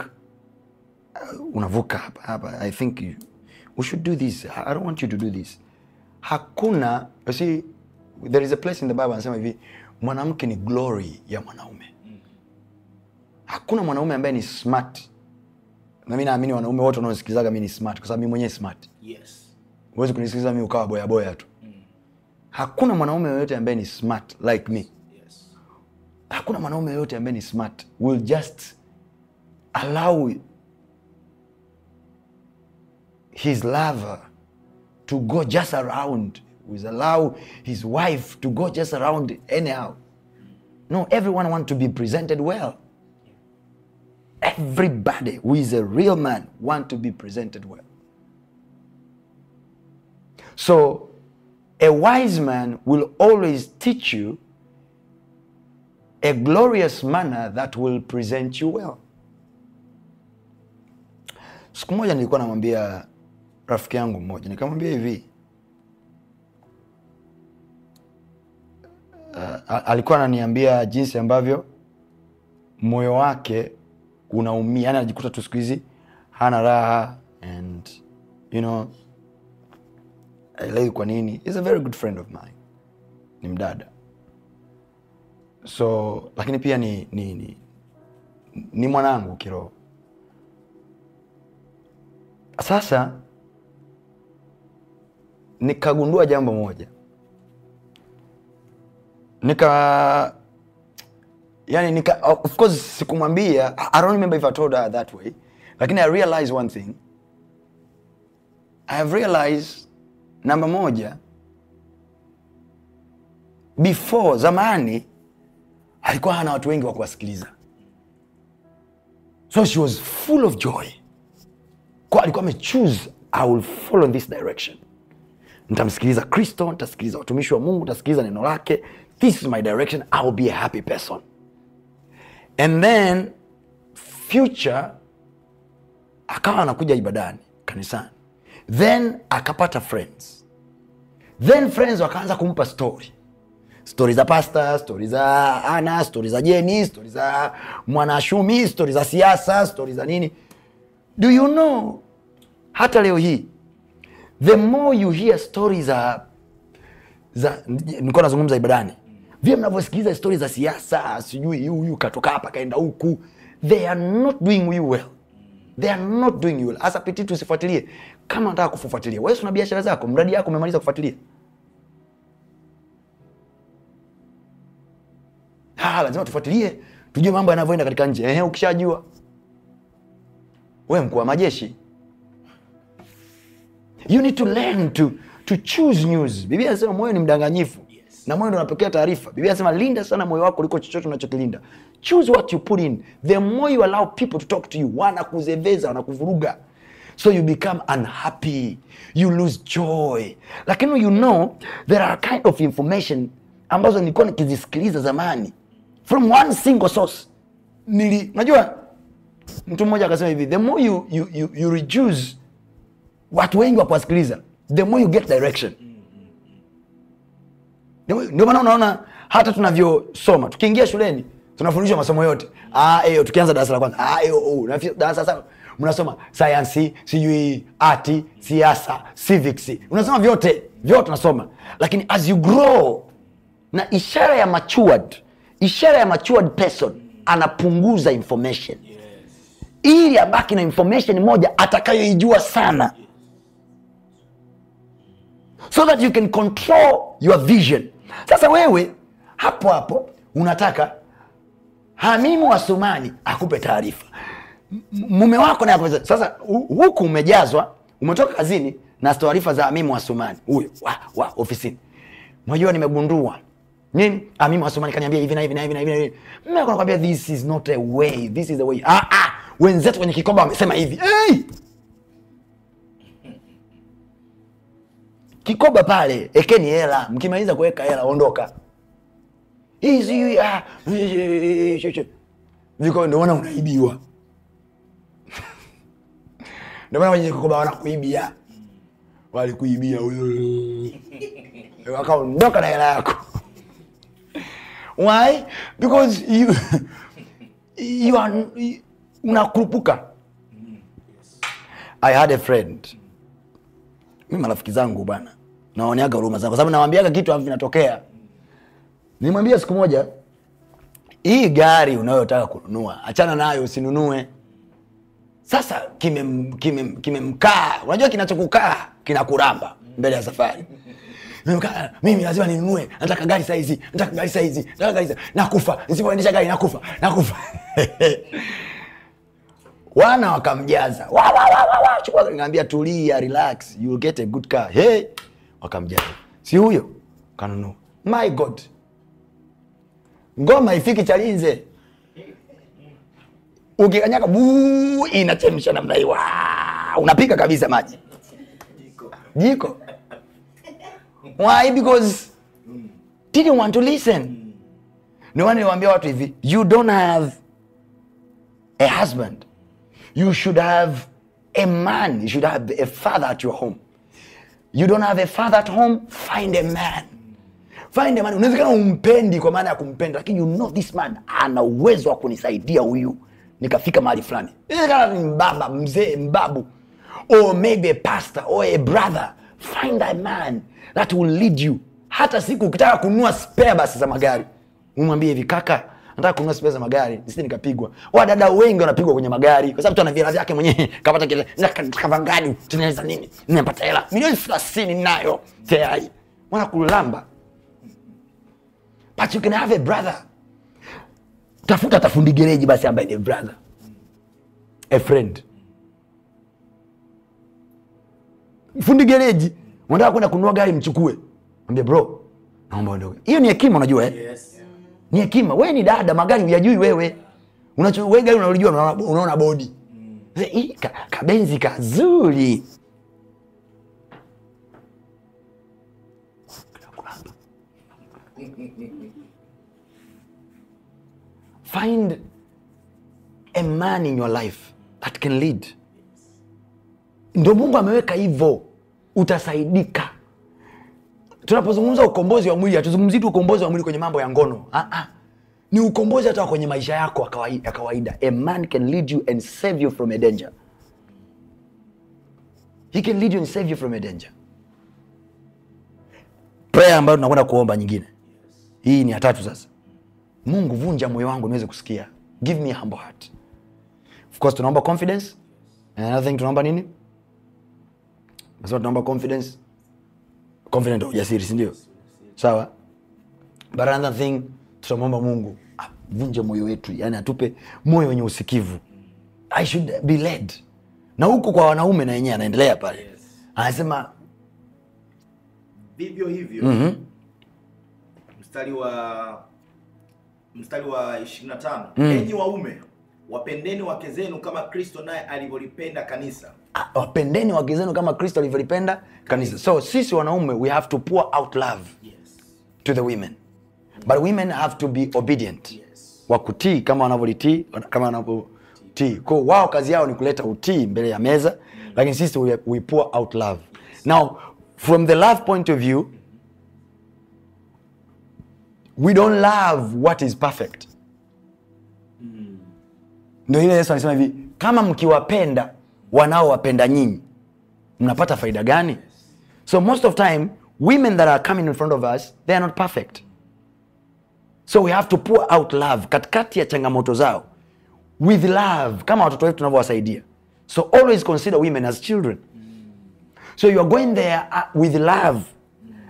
uh, unavuka hapa hapa, I think you, we should do this, I don't want you to do this. Hakuna, you see there is a place in the Bible anasema hivi mwanamke ni glory ya mwanaume. Mm. Hakuna mwanaume ambaye ni smart na mi naamini wanaume wote wanaosikilizaga mi ni smart kwa sababu mi mwenyewe smart yes. kunisikiliza mi ukawa boyaboya tu mm. hakuna mwanaume yoyote ambaye ni smart like me yes. hakuna mwanaume yoyote ambaye ni smart will just allow his lover to go just around will allow his wife to go just around anyhow no everyone want to be presented well Everybody who is a real man want to be presented well. So a wise man will always teach you a glorious manner that will present you well. Siku moja nilikuwa namwambia rafiki yangu mmoja, nikamwambia hivi uh, alikuwa ananiambia jinsi ambavyo moyo wake unaumia yani anajikuta tu siku hizi hana raha and you know aelewi kwa nini is a very good friend of mine ni mdada so lakini pia ni ni, ni, ni mwanangu kiroho sasa nikagundua jambo moja nika yani nika, of course sikumwambia I don't remember if I told her that way lakini I realize one thing I have realized namba moja before zamani alikuwa hana watu wengi wa kuwasikiliza so she was full of joy kwa alikuwa amechoose I will follow in this direction nitamsikiliza kristo ntasikiliza watumishi wa mungu ntasikiliza neno lake this is my direction I will be a happy person and then future akawa anakuja ibadani kanisani, then akapata friends, then friends wakaanza kumpa story stori za pasta, stori za Ana, stori za Jeni, stori za Mwanashumi, stori za siasa, stori za nini. Do you know, hata leo hii the more you hear stori za za, nazungumza ibadani vile mnavyosikiliza stori za siasa, sijui huyu katoka hapa kaenda huku, they are not doing you well they are not doing you well. kama nataka kufuatilia wewe, una biashara zako, mradi yako umemaliza kufuatilia. lazima tufuatilie tujue mambo yanavyoenda katika nje. Ehe, ukishajua wewe mkuu wa majeshi, you need to learn to to choose news. Biblia inasema moyo ni mdanganyifu na moyo ndo unapokea taarifa. Biblia inasema linda sana moyo wako kuliko chochote unachokilinda. Choose what you put in. The more you allow people to talk to you, wanakuzeveza, wanakuvuruga. So you become unhappy. You lose joy. Lakini you know there are kind of information ambazo nilikuwa nikizisikiliza zamani from one single source. Nili, unajua mtu mmoja akasema hivi, the more you, you, you, you reduce watu wengi wakuwasikiliza, the more you get direction. Mm. Ndio maana unaona hata tunavyosoma tukiingia shuleni tunafundishwa masomo yote a ah, eh, tukianza darasa la kwanza ah, eh, oh, oh, a darasa sana mnasoma sayansi, sijui ati, siasa, civics, unasoma vyote vyote unasoma, lakini as you grow, na ishara ya matured, ishara ya matured person anapunguza information yes, ili abaki na information moja atakayoijua sana so that you can control your vision sasa wewe hapo hapo unataka Hamimu sumani akupe taarifa, mume wako naye akupe. Sasa huku umejazwa, umetoka kazini na taarifa za Hamimu sumani huyo wa, wa ofisini. Mwajua nimegundua nini? Hamimu sumani kaniambia hivi na hivi na hivi na hivi. Mume wako anakuambia this is not a way, this is a way. Ah, ah, wenzetu kwenye Kikoba wamesema hivi. Hey! kikoba pale, ekeni hela, mkimaliza kuweka hela ondoka. Hizi ah, viko ndio wana unaibiwa, ndio maana wenye kikoba kuibia. walikuibia huyo, wakaondoka na hela yako. Why? Because you, you are unakurupuka. I had a friend, Mimi marafiki zangu bwana naoneaga huruma zao, kwa sababu nawambiaga kitu ambavyo vinatokea. Nimwambia siku moja, hii gari unayotaka kununua achana nayo, usinunue. Sasa kimemkaa kime, kime unajua kinachokukaa kinakuramba mbele ya safari mimi lazima ninunue, nataka gari saizi, nataka gari saizi, nataka gari sa nakufa nisipoendesha gari nakufa, nakufa wana wakamjaza, wa, wa, wa, wa, wa. Chukua, ngambia tulia, relax, you'll get a good car hey wakamjaribu, si huyo kanunua. My God, ngoma ifiki Chalinze, ukikanyaga buu, inachemsha namna hii, unapika kabisa maji jiko. Why? Because didn't want to listen. Ndio maana niwaambia watu hivi, you don't have a husband, you should have a man, you should have a father at your home you don't have a father at home find a man find a man unawezekana umpendi kwa maana ya kumpenda lakini you know this man ana uwezo wa kunisaidia huyu nikafika mahali fulani inawezekana ni mbaba mzee mbabu or maybe a pastor or a brother find a man that will lead you hata siku ukitaka kununua spare basi za magari umwambie hivi kaka nataka kununua spare za magari nisije nikapigwa. Wadada wengi wanapigwa kwenye magari kwa sababu tu ana vyake mwenyewe, kapata kile kavangadi, tunaweza nini, nimepata hela milioni tayari, mwana kulamba. But you can have a brother, tafuta tafundi gereji basi ambaye ni brother, a friend, fundi gereji. Unataka kwenda kununua gari, mchukue, mwambie bro, naomba ondoke. Hiyo ni hekima, unajua eh? Yes ni hekima. Wewe ni dada, magari uyajui wewe, wewe gari unalijua, unaona bodi mm. ka, kabenzi kazuri find a man in your life that can lead. Ndio Mungu ameweka hivyo, utasaidika tunapozungumza ukombozi wa mwili hatuzungumzi tu ukombozi wa mwili kwenye mambo ya ngono ah, ah. ni ukombozi hata kwenye maisha yako ya kawaida a man can lead you and save you from a danger he can lead you and save you from a danger prayer ambayo tunakwenda kuomba nyingine hii ni hatatu sasa mungu vunja moyo wangu niweze kusikia give me a humble heart of course tunaomba confidence and another thing tunaomba nini nasema tunaomba confidence confident of ujasiri, si ndio? Sawa. But another thing tunamwomba Mungu avunje moyo wetu, yani atupe moyo wenye usikivu. I should be led. Na huko kwa wanaume na yenyewe anaendelea pale. Yes. Anasema vivyo hivyo. Mhm. Mm mstari wa mstari wa 25. Mm. Enyi waume, wapendeni wake zenu kama Kristo naye alivyolipenda kanisa wapendeni wake zenu kama kristo alivyolipenda kanisa so sisi wanaume we have to pour out love yes. to the women but women have to be obedient yes. wakutii kama wanavyolitii kama wanavyotii ko wao kazi yao ni kuleta utii mbele ya meza mm. lakini sisi we, we pour out love yes. now from the love point of view we don't love what is perfect mm. ile yesu anasema hivi kama mkiwapenda wanaowapenda nyinyi mnapata faida gani so most of time women that are coming in front of us they are not perfect so we have to pour out love katikati ya changamoto zao with love kama watoto wetu tunavyowasaidia so always consider women as children so you are going there uh, with love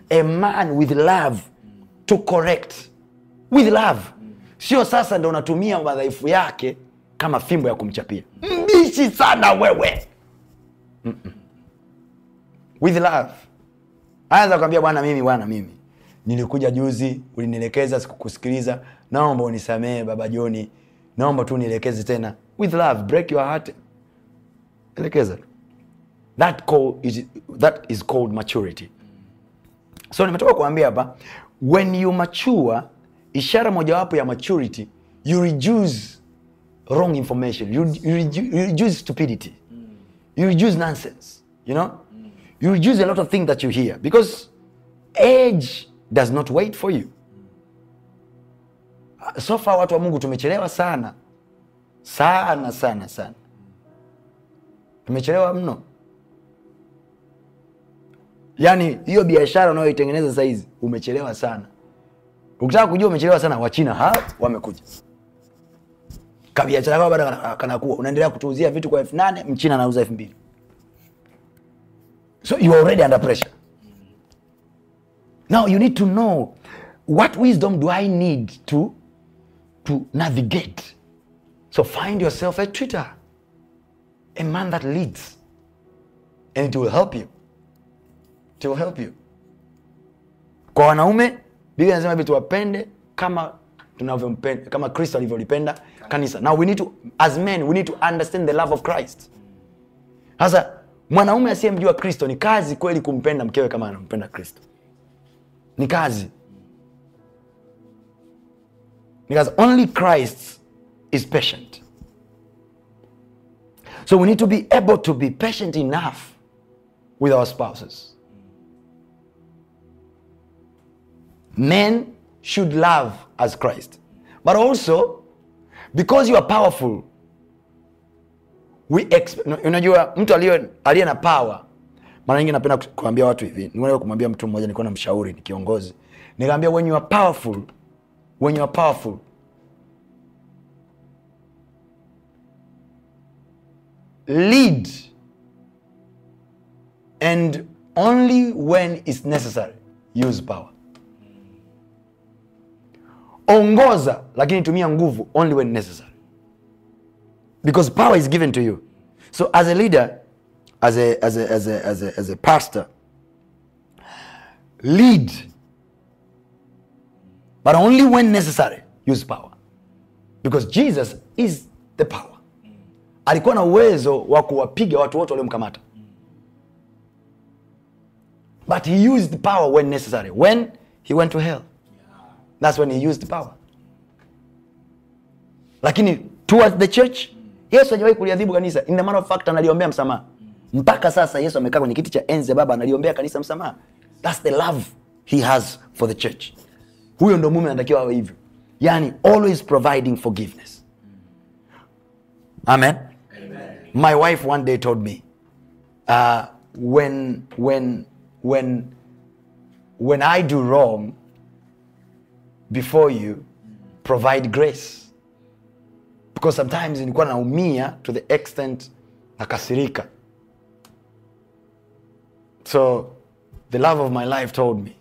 a man with love to correct with love sio sasa ndo unatumia madhaifu yake kama fimbo ya kumchapia mm sana wewe Mm-mm. with love anza kuambia bwana mimi bwana mimi nilikuja juzi ulinielekeza sikukusikiliza naomba unisamehe baba joni naomba tu nielekeze tena with love break your heart elekeza that, call is, that is called maturity so nimetoka kuambia hapa when you mature ishara mojawapo ya maturity you reduce wrong information. You, you, you reduce stupidity. Mm. You reduce nonsense. You know? Mm. You reduce a lot of things that you hear because age does not wait for you. Mm. Ah, so far watu wa Mungu tumechelewa sana sana sana sana, tumechelewa mno. Yaani hiyo biashara unayoitengeneza sasa hizi umechelewa sana. Ukitaka kujua umechelewa sana, Wachina ha wamekuja kabiashara kao bado kanakuwa, unaendelea kutuuzia vitu kwa elfu nane mchina anauza elfu mbili so you are already under pressure now you need to know what wisdom do I need to to navigate so find yourself a twitter a man that leads and it will help you it will help you kwa wanaume biblia anasema hivi tuwapende kama tunavyompenda kama kristo alivyolipenda kanisa now we need to as men we need to understand the love of christ sasa mwanaume asiyemjua kristo ni kazi kweli kumpenda mkewe kama anampenda kristo ni kazi because only christ is patient so we need to be able to be patient enough with our spouses men should love as Christ. But also, because you are powerful, we unajua mtu aliye na power. Mara nyingi napenda kuambia watu hivi, nikwenda kumwambia mtu mmoja, nilikuwa mshauri ni kiongozi, nikaambia when you are powerful, when you are powerful lead and only when it's necessary use power ongoza lakini tumia nguvu only when necessary because power is given to you so as a leader as a, as a, as a, as a, as a pastor lead but only when necessary use power because jesus is the power alikuwa na uwezo wa kuwapiga watu wote waliomkamata but he used power when necessary when he went to hell That's when he used power. Lakini towards the church Yesu hajawahi kuliadhibu kanisa. In the matter of fact, analiombea msamaha mpaka sasa. Yesu amekaa kwenye kiti cha enzi ya Baba, analiombea kanisa msamaha. That's the love he has for the church. Huyo ndo mume anatakiwa awe hivyo, yani always providing forgiveness. Amen. Amen. My wife one day told me uh, when when when when I do wrong before you provide grace because sometimes nilikuwa naumia to the extent nakasirika so the love of my life told me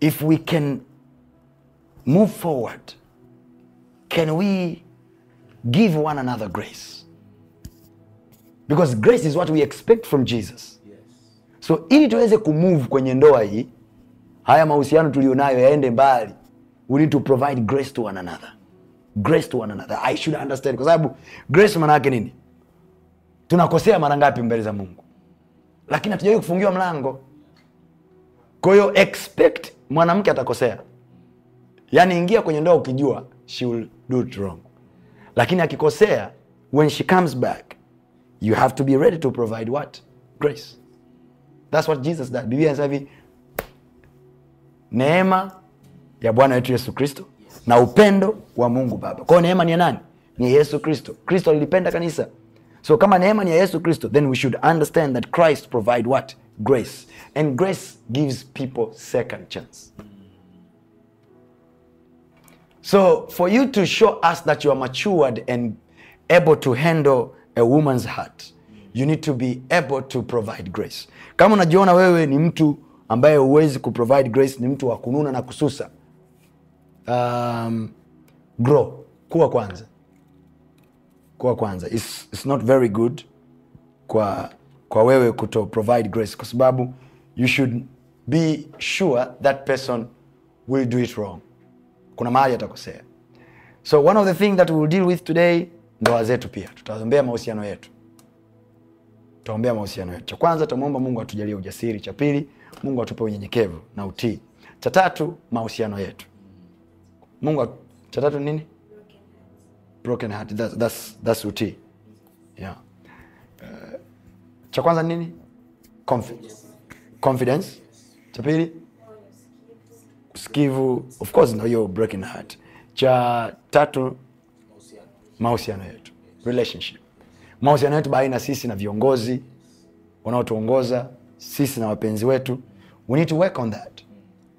if we can move forward can we give one another grace because grace is what we expect from jesus yes. so ili tuweze kumove kwenye ndoa hii haya mahusiano tulionayo yaende mbali we need to provide grace to one another grace to one another i should understand kwa sababu grace maana yake nini tunakosea mara ngapi mbele za mungu lakini hatujawahi kufungiwa mlango kwa hiyo expect mwanamke atakosea yaani ingia kwenye ndoa ukijua she will do it wrong lakini akikosea when she comes back you have to be ready to provide what grace thats what jesus did biblia anasema hivi neema ya bwana wetu yesu kristo na upendo wa mungu baba kwao neema ni ya nani ni ya yesu kristo kristo alilipenda kanisa so kama neema ni ya yesu kristo then we should understand that christ provide what grace and grace gives people second chance so for you to show us that you are matured and able to handle a woman's heart you need to be able to provide grace kama unajiona wewe ni mtu ambaye huwezi kuprovide grace ni mtu wa kununa na kususa um, grow kuwa kwanza kuwa kwanza is not very good kwa kwa wewe kuto provide grace kwa sababu you should be sure that person will do it wrong kuna mahali atakosea so one of the thing that we will deal with today ndoa zetu pia tutaombea mahusiano yetu tutaombea mahusiano yetu cha kwanza tutamwomba mungu atujalie ujasiri cha pili Mungu atupe unyenyekevu na utii. Cha tatu, mahusiano yetu. Mungu cha tatu nini? Broken heart. That's, that's, that's utii. Yeah. Uh, cha kwanza nini? Confidence. Confidence. Cha pili? Usikivu. Of course no, hiyo broken heart. Cha tatu mahusiano yetu, relationship. Mahusiano yetu baina sisi na viongozi wanaotuongoza sisi na wapenzi wetu we need to work on that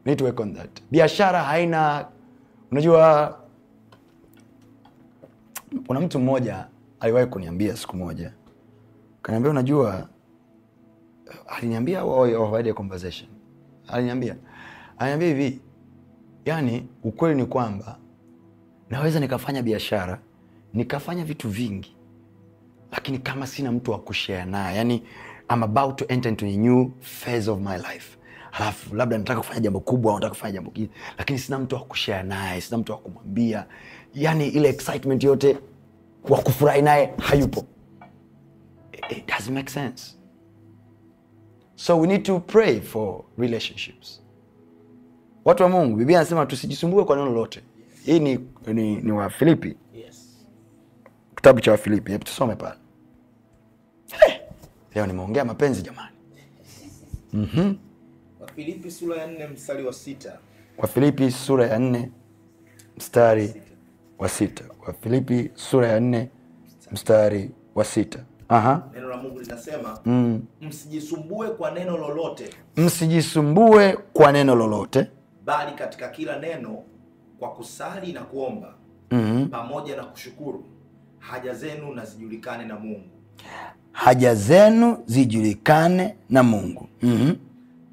we need to work on that biashara haina unajua kuna mtu mmoja aliwahi kuniambia siku moja kaniambia unajua aliniambia wavaide conversation aliniambia aliniambia hivi yani ukweli ni kwamba naweza nikafanya biashara nikafanya vitu vingi lakini kama sina mtu wa kushea naye yani I'm about to enter into a new phase of my life, halafu labda nataka kufanya jambo kubwa, nataka kufanya jambo kingine, lakini sina mtu wa kushare naye, sina mtu wa kumwambia, yani ile excitement yote wa kufurahi naye hayupo. It doesn't make sense. So we need to pray for relationships. Watu wa Mungu, Biblia anasema tusijisumbue kwa neno lote. Hii ni, ni, ni Wafilipi yes. Kitabu cha Wafilipi, hebu tusome pale Leo nimeongea mapenzi jamani. mm -hmm. Kwa Filipi sura ya nne mstari wa sita. Kwa Filipi sura ya nne mstari wa sita. Kwa Filipi sura ya nne mstari wa sita. Aha. Neno la Mungu linasema mm. msijisumbue kwa neno lolote, msijisumbue kwa neno lolote, bali katika kila neno kwa kusali na kuomba mm -hmm. pamoja na kushukuru haja zenu na zijulikane na Mungu haja zenu zijulikane na Mungu. mm -hmm.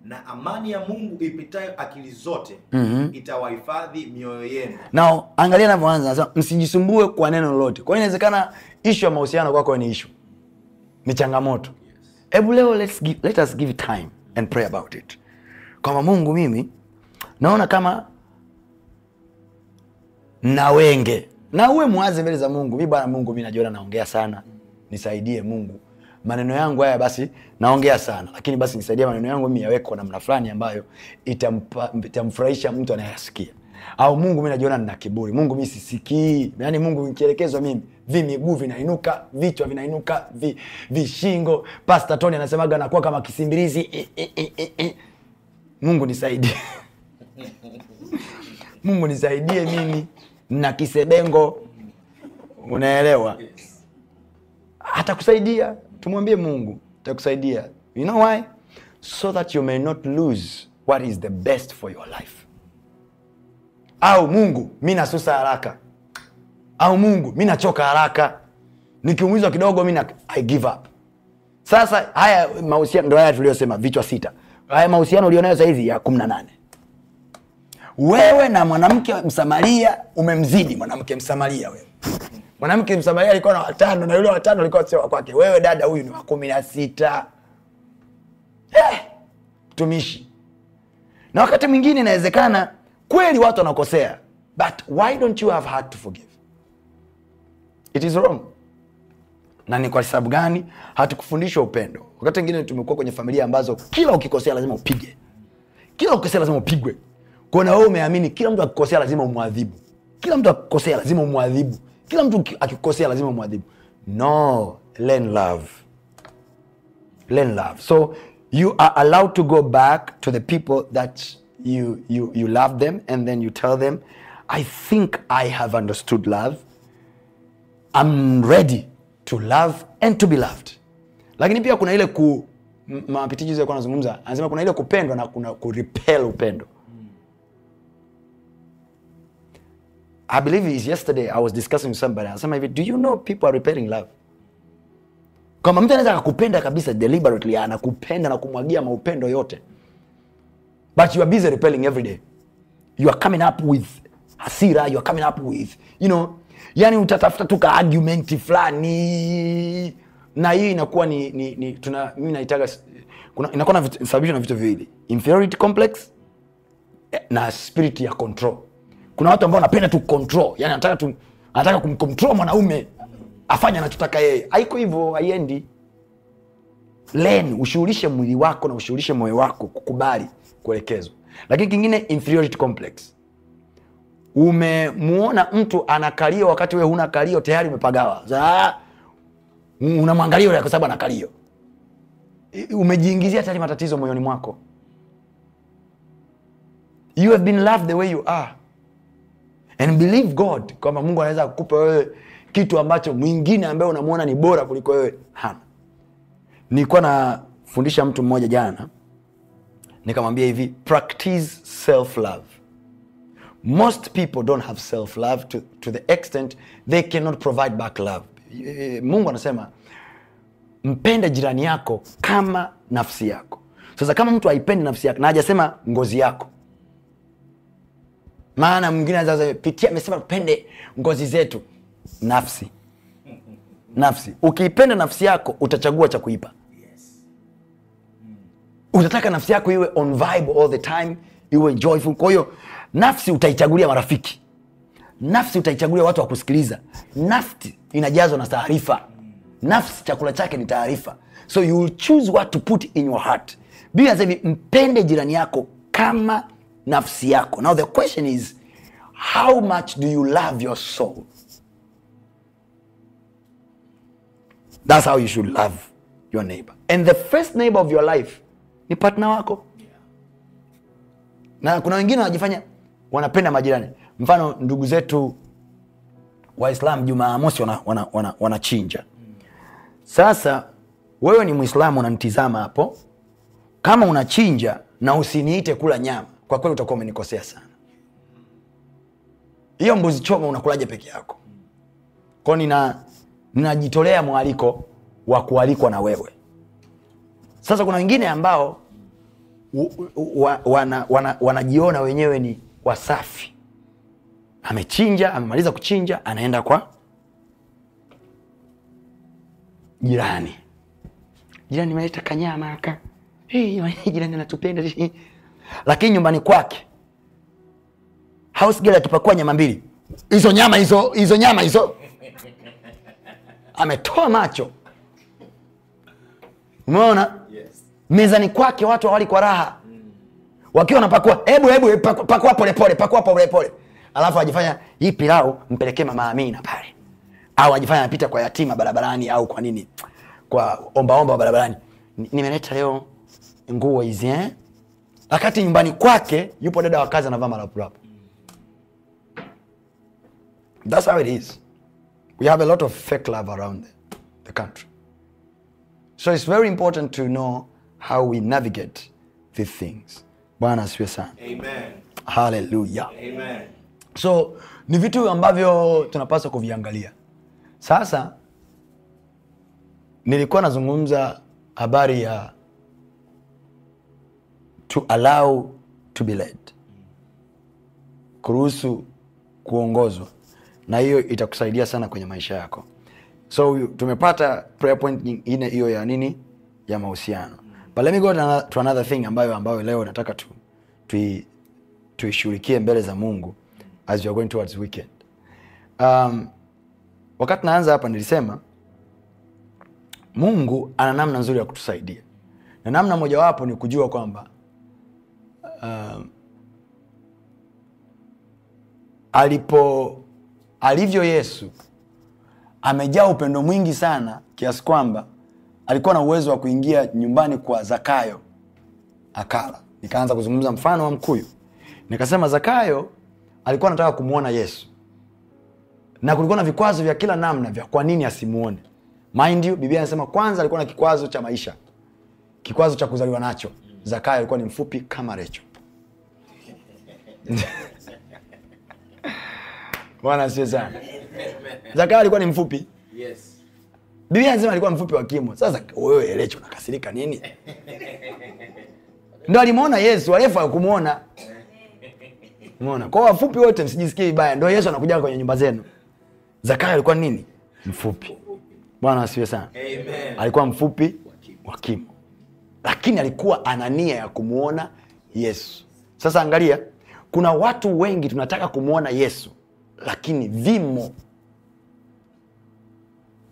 na amani ya Mungu ipitayo akili zote mm -hmm. itawahifadhi mioyo yenu. Nao angalia anavyoanza, anasema msijisumbue kwa neno lolote. Kwa hiyo inawezekana ishu ya mahusiano kwako ni ishu, ni changamoto. Hebu leo let's give, let us give time and pray about it, kwamba Mungu, mimi naona kama na wenge na uwe mwazi mbele za Mungu. Mi bwana Mungu, mi najiona naongea sana, nisaidie Mungu maneno yangu haya basi naongea sana lakini basi nisaidia maneno yangu mimi yawekwa kwa namna fulani ambayo itamfurahisha mtu anayasikia au mungu mi najiona nina kiburi mungu mi sisikii yaani mungu nikielekezwa mimi vi miguu vinainuka vichwa vinainuka vi, vishingo pasta tony anasemaga anakuwa kama kisimbilizi e, e, e, e. mungu nisaidie mungu nisaidie mimi na kisebengo unaelewa kusaidia tumwambie Mungu takusaidia. You know why? So that you may not lose what is the best for your life. Au Mungu, mi nasusa haraka, au Mungu, mi nachoka haraka, nikiumizwa kidogo mi I give up. Sasa haya mahusiano ndo haya tuliyosema, vichwa sita. Haya mahusiano ulionayo sahizi ya kumi na nane wewe na mwanamke Msamaria umemzidi mwanamke Msamaria wewe mwanamke Msamaria alikuwa na watano na yule watano alikuwa sio kwake. Wewe dada, huyu ni wa kumi na sita mtumishi. na wakati mwingine inawezekana kweli watu wanakosea, but why don't you have heart to forgive? It is wrong. Na ni kwa sababu gani? Hatukufundishwa upendo. Wakati mwingine tumekuwa kwenye familia ambazo kila ukikosea lazima upige, kila ukikosea lazima upigwe. Kwa na wewe umeamini kila mtu akikosea lazima umwadhibu, kila mtu akikosea lazima umwadhibu kila mtu akikosea lazima mwadhibu. No, learn love. Learn love. So you are allowed to go back to the people that you, you, you love them and then you tell them, I think I have understood love. I'm ready to love and to be loved. Lakini pia kuna ile ku mapitijizo anazungumza, anasema kuna ile kupendwa na kuna kurepel upendo. I believe it is yesterday I was discussing with somebody. Anasema hivi, do you know people are repairing love? Kama mtu anaweza akakupenda kabisa deliberately, anakupenda na kumwagia maupendo yote. But you are busy repairing every day. You are coming up with hasira, you are coming up with, you know, yani utatafuta tu ka argument fulani. Na hii inakuwa ni, ni, ni tuna mimi naitaga kuna inakuwa na vitu, sababishwa na vitu viwili. Inferiority complex eh, na spirit ya control kuna watu ambao wanapenda tu control, yani anataka tu anataka kumcontrol mwanaume afanye anachotaka yeye. Haiko hivyo, haiendi. len ushughulishe mwili wako na ushughulishe moyo wako kukubali kuelekezwa. Lakini kingine inferiority complex. Umemuona mtu anakalio wakati wewe huna kalio, tayari umepagawa. Za ah, unamwangalia kwa sababu ana kalio. Umejiingizia tayari matatizo moyoni mwako. You have been loved the way you are and believe God kwamba Mungu anaweza kukupa wewe kitu ambacho mwingine ambaye unamwona ni bora kuliko wewe hana. Nilikuwa nafundisha mtu mmoja jana, nikamwambia hivi, practice self love. Most people don't have self love to, to the extent they cannot provide back love. Eh, Mungu anasema mpende jirani yako kama nafsi yako. Sasa kama mtu haipendi nafsi yako na hajasema ngozi yako maana mwingine anaweza pitia, amesema tupende ngozi zetu. Nafsi, nafsi, ukiipenda nafsi yako utachagua cha kuipa. Utataka nafsi yako iwe on vibe all the time, iwe joyful. Kwa hiyo nafsi utaichagulia marafiki, nafsi utaichagulia watu wa kusikiliza. Nafsi inajazwa na taarifa. Nafsi chakula chake ni taarifa, so you will choose what to put in your heart. Biblia inasema mpende jirani yako kama nafsi yako now the question is how much do you love your soul that's how you should love your neighbor and the first neighbor of your life ni patna wako na kuna wengine wanajifanya wanapenda majirani mfano ndugu zetu waislam jumaamosi wanachinja wana, wana, wana sasa wewe ni mwislamu unanitizama hapo kama unachinja na usiniite kula nyama kwa kweli utakuwa umenikosea sana. Hiyo mbuzi choma unakulaje peke yako? Kwa nina ninajitolea mwaliko wa kualikwa na wewe. Sasa kuna wengine ambao wanajiona wana, wana wenyewe ni wasafi, amechinja, amemaliza kuchinja, anaenda kwa jirani. Jirani maleta kanyama aka hey, jirani anatupenda lakini nyumbani kwake hausgel akipakua nyama mbili hizo nyama hizo hizo nyama hizo ametoa macho umeona yes. mezani kwake watu awali kwa raha mm. wakiwa wanapakua hebu hebu pakua polepole pakua polepole alafu ajifanya hii pilau mpelekee mama amina pale au ajifanya anapita kwa yatima barabarani au kwa nini kwa ombaomba barabarani nimeleta leo nguo hizi eh? wakati nyumbani kwake yupo dada wa kazi anavaa malapulapa. That's how it is. We have a lot of fake love around the, the country. So it's very important to know how we navigate these things. Bwana asifiwe sana. Amen. Hallelujah. Amen. So ni vitu ambavyo tunapaswa kuviangalia. Sasa nilikuwa nazungumza habari ya to allow to be led, kuruhusu kuongozwa, na hiyo itakusaidia sana kwenye maisha yako. So tumepata prayer point nyingine hiyo ya nini, ya mahusiano. But let me go to another thing ambayo ambayo leo nataka tu tuishughulikie mbele za Mungu as you are going towards weekend. Um, wakati naanza hapa nilisema Mungu ana namna nzuri ya kutusaidia na namna mojawapo ni kujua kwamba uh, alipo alivyo Yesu amejaa upendo mwingi sana kiasi kwamba alikuwa na uwezo wa kuingia nyumbani kwa Zakayo akala. Nikaanza kuzungumza mfano wa mkuyu, nikasema Zakayo alikuwa anataka kumwona Yesu na kulikuwa na vikwazo vya kila namna vya kwa nini asimuone. Mind you, Biblia inasema kwanza alikuwa na kikwazo cha maisha, kikwazo cha kuzaliwa nacho. Zakayo alikuwa ni mfupi kama Recho. Bwana asiwe sana. Zakayo alikuwa ni mfupi. Yes. Biblia inasema alikuwa mfupi wa kimo. Sasa wewe Elecho unakasirika nini? Ndio alimuona Yesu, warefu hakumuona. Umeona? Kwa wafupi wote msijisikie vibaya. Ndio Yesu anakuja kwenye nyumba zenu. Zakayo alikuwa nini? Mfupi. Bwana asiwe sana. Amen. Alikuwa mfupi wa kimo. Lakini alikuwa ana nia ya kumuona Yesu. Sasa angalia kuna watu wengi tunataka kumwona yesu lakini vimo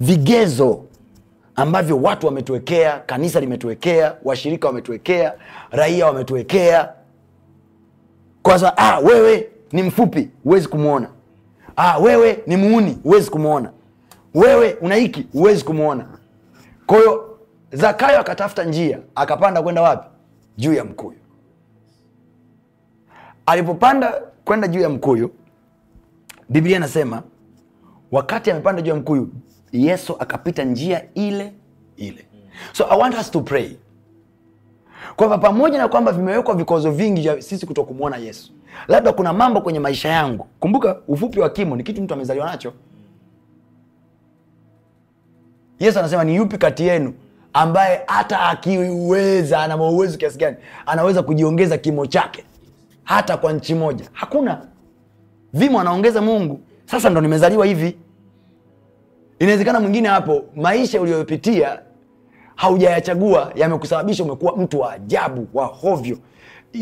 vigezo ambavyo watu wametuwekea kanisa limetuwekea washirika wametuwekea raia wametuwekea kwaza ah, wewe ni mfupi huwezi kumwona ah, wewe ni muuni huwezi kumwona wewe una hiki huwezi kumwona kwahiyo zakayo akatafuta njia akapanda kwenda wapi juu ya mkuyu Alipopanda kwenda juu ya mkuyu, Biblia inasema wakati amepanda juu ya mkuyu, Yesu akapita njia ile ile. So I want us to pray kwamba pamoja na kwamba vimewekwa vikwazo vingi vya sisi kuto kumwona Yesu, labda kuna mambo kwenye maisha yangu. Kumbuka ufupi wa kimo ni kitu mtu amezaliwa nacho. Yesu anasema ni yupi kati yenu ambaye hata akiweza, ana mauwezo kiasi gani, anaweza kujiongeza kimo chake hata kwa nchi moja hakuna vimo, anaongeza Mungu. Sasa ndo nimezaliwa hivi. Inawezekana mwingine hapo, maisha uliyopitia haujayachagua, yamekusababisha umekuwa mtu wa ajabu wa hovyo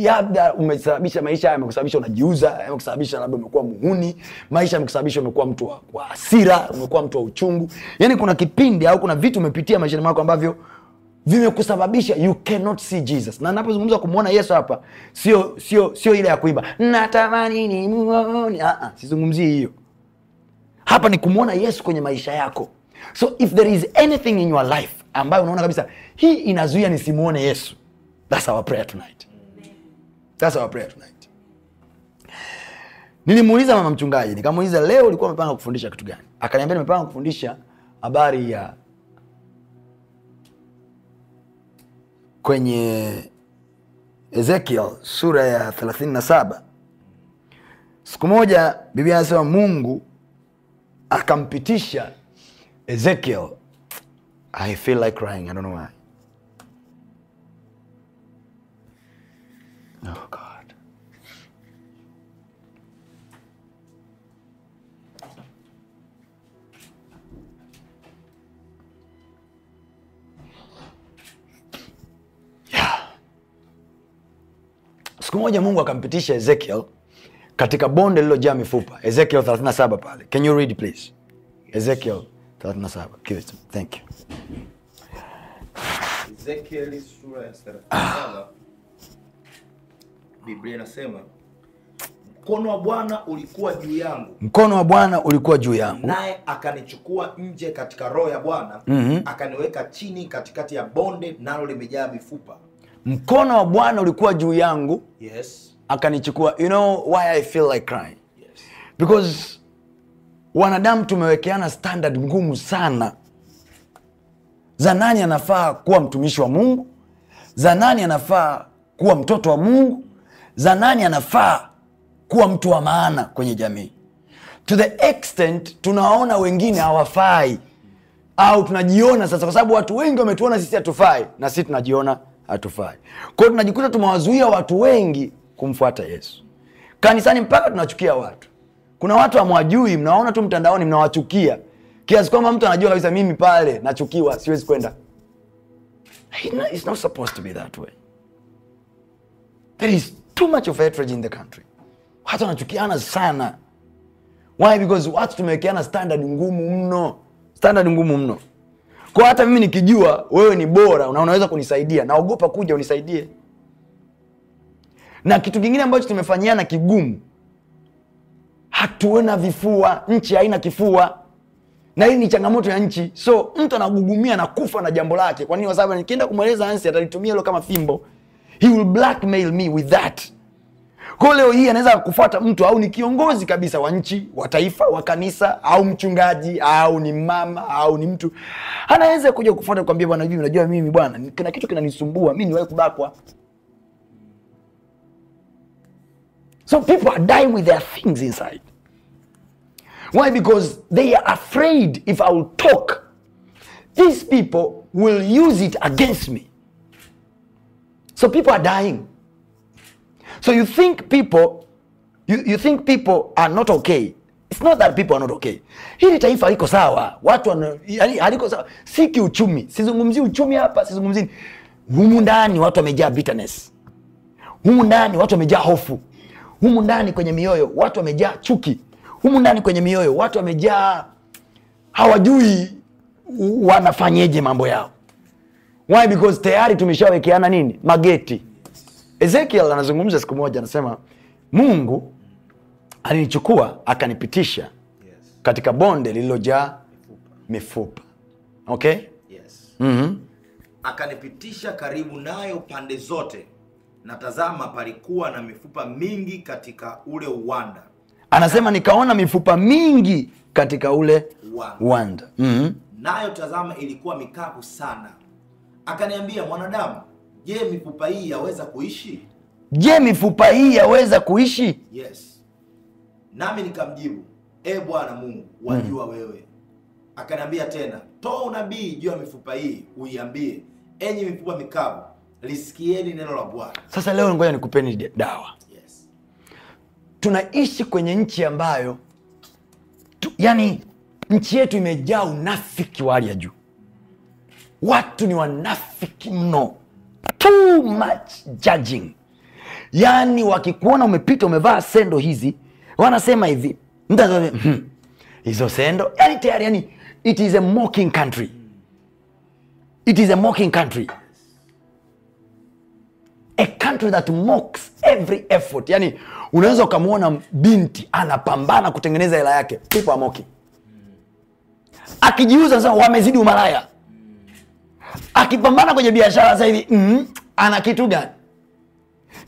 labda umesababisha maisha amekusababisha unajiuza, amekusababisha labda umekuwa muhuni, maisha amekusababisha umekuwa mtu wa hasira, umekuwa mtu wa uchungu. Yani kuna kipindi au kuna vitu umepitia maishani mwako ambavyo vimekusababisha you cannot see Jesus. Na napozungumza kumwona Yesu hapa, sio sio sio ile ya kuimba natamani ni muone. Ah, ah, sizungumzii hiyo hapa, ni kumwona Yesu kwenye maisha yako. So if there is anything in your life ambayo unaona kabisa hii inazuia nisimwone Yesu, that's our prayer tonight, that's our prayer tonight. Nilimuuliza mama mchungaji, nikamuuliza leo ulikuwa umepanga kufundisha kitu gani? Akaniambia nimepanga kufundisha habari ya kwenye Ezekiel sura ya 37. Siku moja Biblia anasema Mungu akampitisha Ezekiel. I feel like crying, I don't know why. Siku moja Mungu akampitisha Ezekiel katika bonde lilojaa mifupa, Ezekiel 37 pale. Can you read please? Ezekiel 37. Give it to me. Thank you. Ezekiel sura ya 37. Ah. Biblia inasema mkono wa Bwana ulikuwa juu yangu, mkono wa Bwana ulikuwa juu yangu, naye akanichukua nje katika roho ya Bwana mm -hmm. akaniweka chini katikati ya bonde, nalo limejaa mifupa mkono wa Bwana ulikuwa juu yangu yes. Akanichukua. You know why I feel like crying yes. Because wanadamu tumewekeana standard ngumu sana za nani anafaa kuwa mtumishi wa Mungu, za nani anafaa kuwa mtoto wa Mungu, za nani anafaa kuwa mtu wa maana kwenye jamii. To the extent tunawaona wengine hawafai au tunajiona sasa, kwa sababu watu wengi wametuona sisi hatufai, na sisi tunajiona hatufai. Kwa tunajikuta tumewazuia watu wengi kumfuata Yesu kanisani, mpaka tunachukia watu. Kuna watu hamwajui, mnawaona tu mtandaoni, mnawachukia kiasi kwamba mtu anajua kabisa, mimi pale nachukiwa, siwezi kwenda. It's not supposed to be that way. There is too much of hatred in the country. Watu wanachukiana sana. Why? Because watu tumewekeana standard ngumu mno, standard ngumu mno. Kwa hata mimi nikijua wewe ni bora na unaweza kunisaidia, naogopa kuja unisaidie. Na kitu kingine ambacho tumefanyiana kigumu, hatuona vifua. Nchi haina kifua, na hili ni changamoto ya nchi. So mtu anagugumia na kufa na jambo lake. Kwa nini? Kwa sababu nikienda kumweleza ansi atalitumia hilo kama fimbo. He will blackmail me with that. Kwa leo hii anaweza kufuata mtu au ni kiongozi kabisa wa nchi, wa taifa, wa kanisa au mchungaji au ni mama au ni mtu, anaweza kuja kufuata kuambia bwana hivi, unajua mimi bwana, kuna kitu kinanisumbua, mi niwahi kubakwa. So people are dying with their things inside. Why? Because they are afraid if I will talk these people will use it against me. So people are dying. So you think people you, you think people are not okay. It's not that people are not okay. Hili taifa liko sawa, watu wana, yani haliko sawa, Siki uchumi. Sizungumzi uchumi hapa, sizungumzi humu ndani. Watu wamejaa bitterness, humu ndani watu wamejaa hofu, humu ndani kwenye mioyo watu wamejaa chuki, humu ndani kwenye mioyo watu wamejaa, hawajui wanafanyeje mambo yao. Why? Because tayari tumeshawekeana nini mageti Ezekiel anazungumza siku moja, anasema Mungu alinichukua akanipitisha katika bonde lililojaa mifupa. Okay? Yes. Mm-hmm. Akanipitisha karibu nayo pande zote, na tazama, palikuwa na mifupa mingi katika ule uwanda. Anasema nikaona mifupa mingi katika ule uwanda. Mm-hmm. Nayo tazama, ilikuwa mikavu sana. Akaniambia, mwanadamu, Je, mifupa hii yaweza kuishi? Je, mifupa hii yaweza kuishi? Yes. Nami nikamjibu, E Bwana Mungu, wajua mm. wewe. Akaniambia tena, toa unabii juu ya mifupa hii, uiambie, enyi mifupa mikavu, lisikieni neno la Bwana. Sasa leo ngoja nikupeni dawa. Yes. Tunaishi kwenye nchi ambayo tu, yani nchi yetu imejaa unafiki wa hali ya juu. Watu ni wanafiki mno too much judging. Yaani wakikuona umepita umevaa sendo hizi, wanasema hivi hmm, hizo sendo, yani tayari, yani it is a mocking country, it is a mocking country, a country that mocks every effort. Yani unaweza ukamwona binti anapambana kutengeneza hela yake, people are mocking, akijiuza sasa wamezidi umalaya akipambana kwenye biashara sasa hivi mm, ana kitu gani?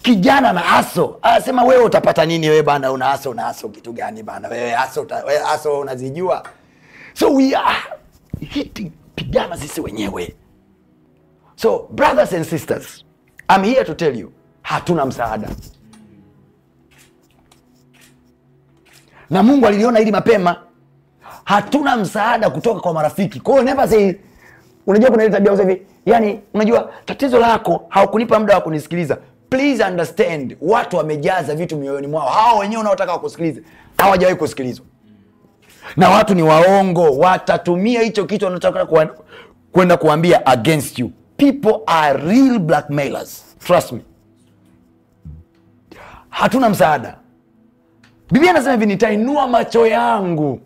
Kijana na aso anasema, wewe utapata nini? Wewe bana, una aso, una aso kitu gani bana? Wewe aso, wewe aso unazijua? So we are hitting, pigana sisi wenyewe. So brothers and sisters, I'm here to tell you, hatuna msaada na Mungu aliliona hili mapema. Hatuna msaada kutoka kwa marafiki. Kwa hiyo never say unajua kuna ile tabia hivi yani unajua tatizo lako hawakunipa muda wa kunisikiliza please understand watu wamejaza vitu mioyoni mwao hao wenyewe unaotaka wakusikilize hawajawahi kusikilizwa na watu ni waongo watatumia hicho kitu wanachotaka kwenda kuambia against you people are real blackmailers trust me hatuna msaada biblia anasema hivi nitainua macho yangu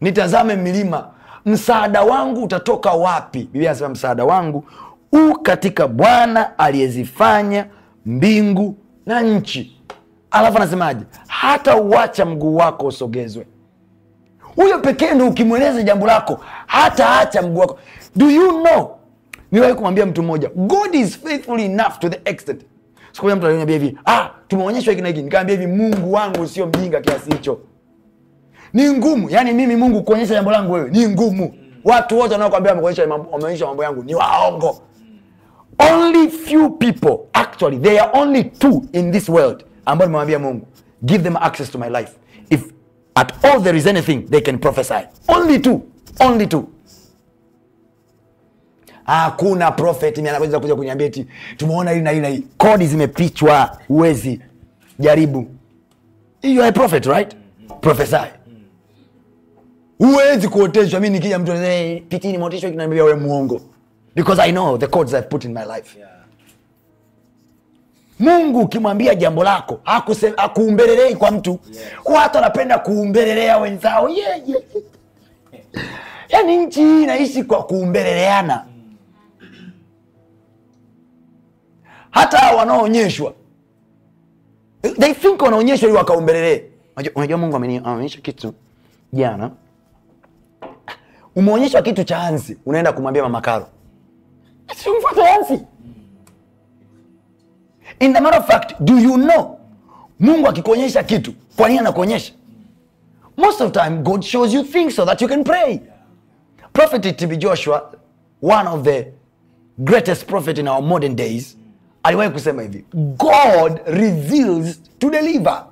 nitazame milima msaada wangu utatoka wapi? Biblia anasema msaada wangu u katika Bwana aliyezifanya mbingu na nchi. Alafu anasemaje? Hata uacha mguu wako usogezwe. Huyo pekee ndo ukimweleza jambo lako hata acha mguu wako. Do you know, niwahi kumwambia mtu mmoja, God is faithful enough to the extent. Siku moja mtu aliniambia hivi, ah, tumeonyeshwa hiki na hiki. Nikaambia hivi, Mungu wangu sio mjinga kiasi hicho ni ngumu. yani mimi Mungu kuonyesha jambo langu wewe ni ngumu. Watu wote wanaokwambia wameonyesha wameonyesha mambo yangu ni waongo. Only few people actually there are only two in this world ambao nimemwambia Mungu give them access to my life if at all there is anything they can prophesy. Only two, only two. Hakuna prophet mimi anaweza kuja kuniambia eti tumeona hili na hili na hili. Kodi zimepichwa, uwezi jaribu. You are a prophet, right? Prophesy huwezi kuoteshwa mi nikija mtu hey, pitini maotesho kinaambia we muongo because i know the codes I've put in my life yeah. mungu ukimwambia jambo lako akuumbelelei kwa mtu yeah. watu wanapenda kuumbelelea wenzao yeye yeah, yeah. yani nchi hii inaishi kwa kuumbeleleana hata wanaoonyeshwa they think wanaonyeshwa ili wakaumbelelee unajua mungu ameonyesha kitu jana yeah, no? umeonyeshwa kitu cha Hansi, unaenda kumwambia mama Karo, asimfuata Hansi. In the matter of fact, do you know Mungu akikuonyesha kitu, kwa nini anakuonyesha? Most of time God shows you things so that you can pray. Prophet TB Joshua, one of the greatest prophet in our modern days, aliwahi kusema hivi, God reveals to deliver.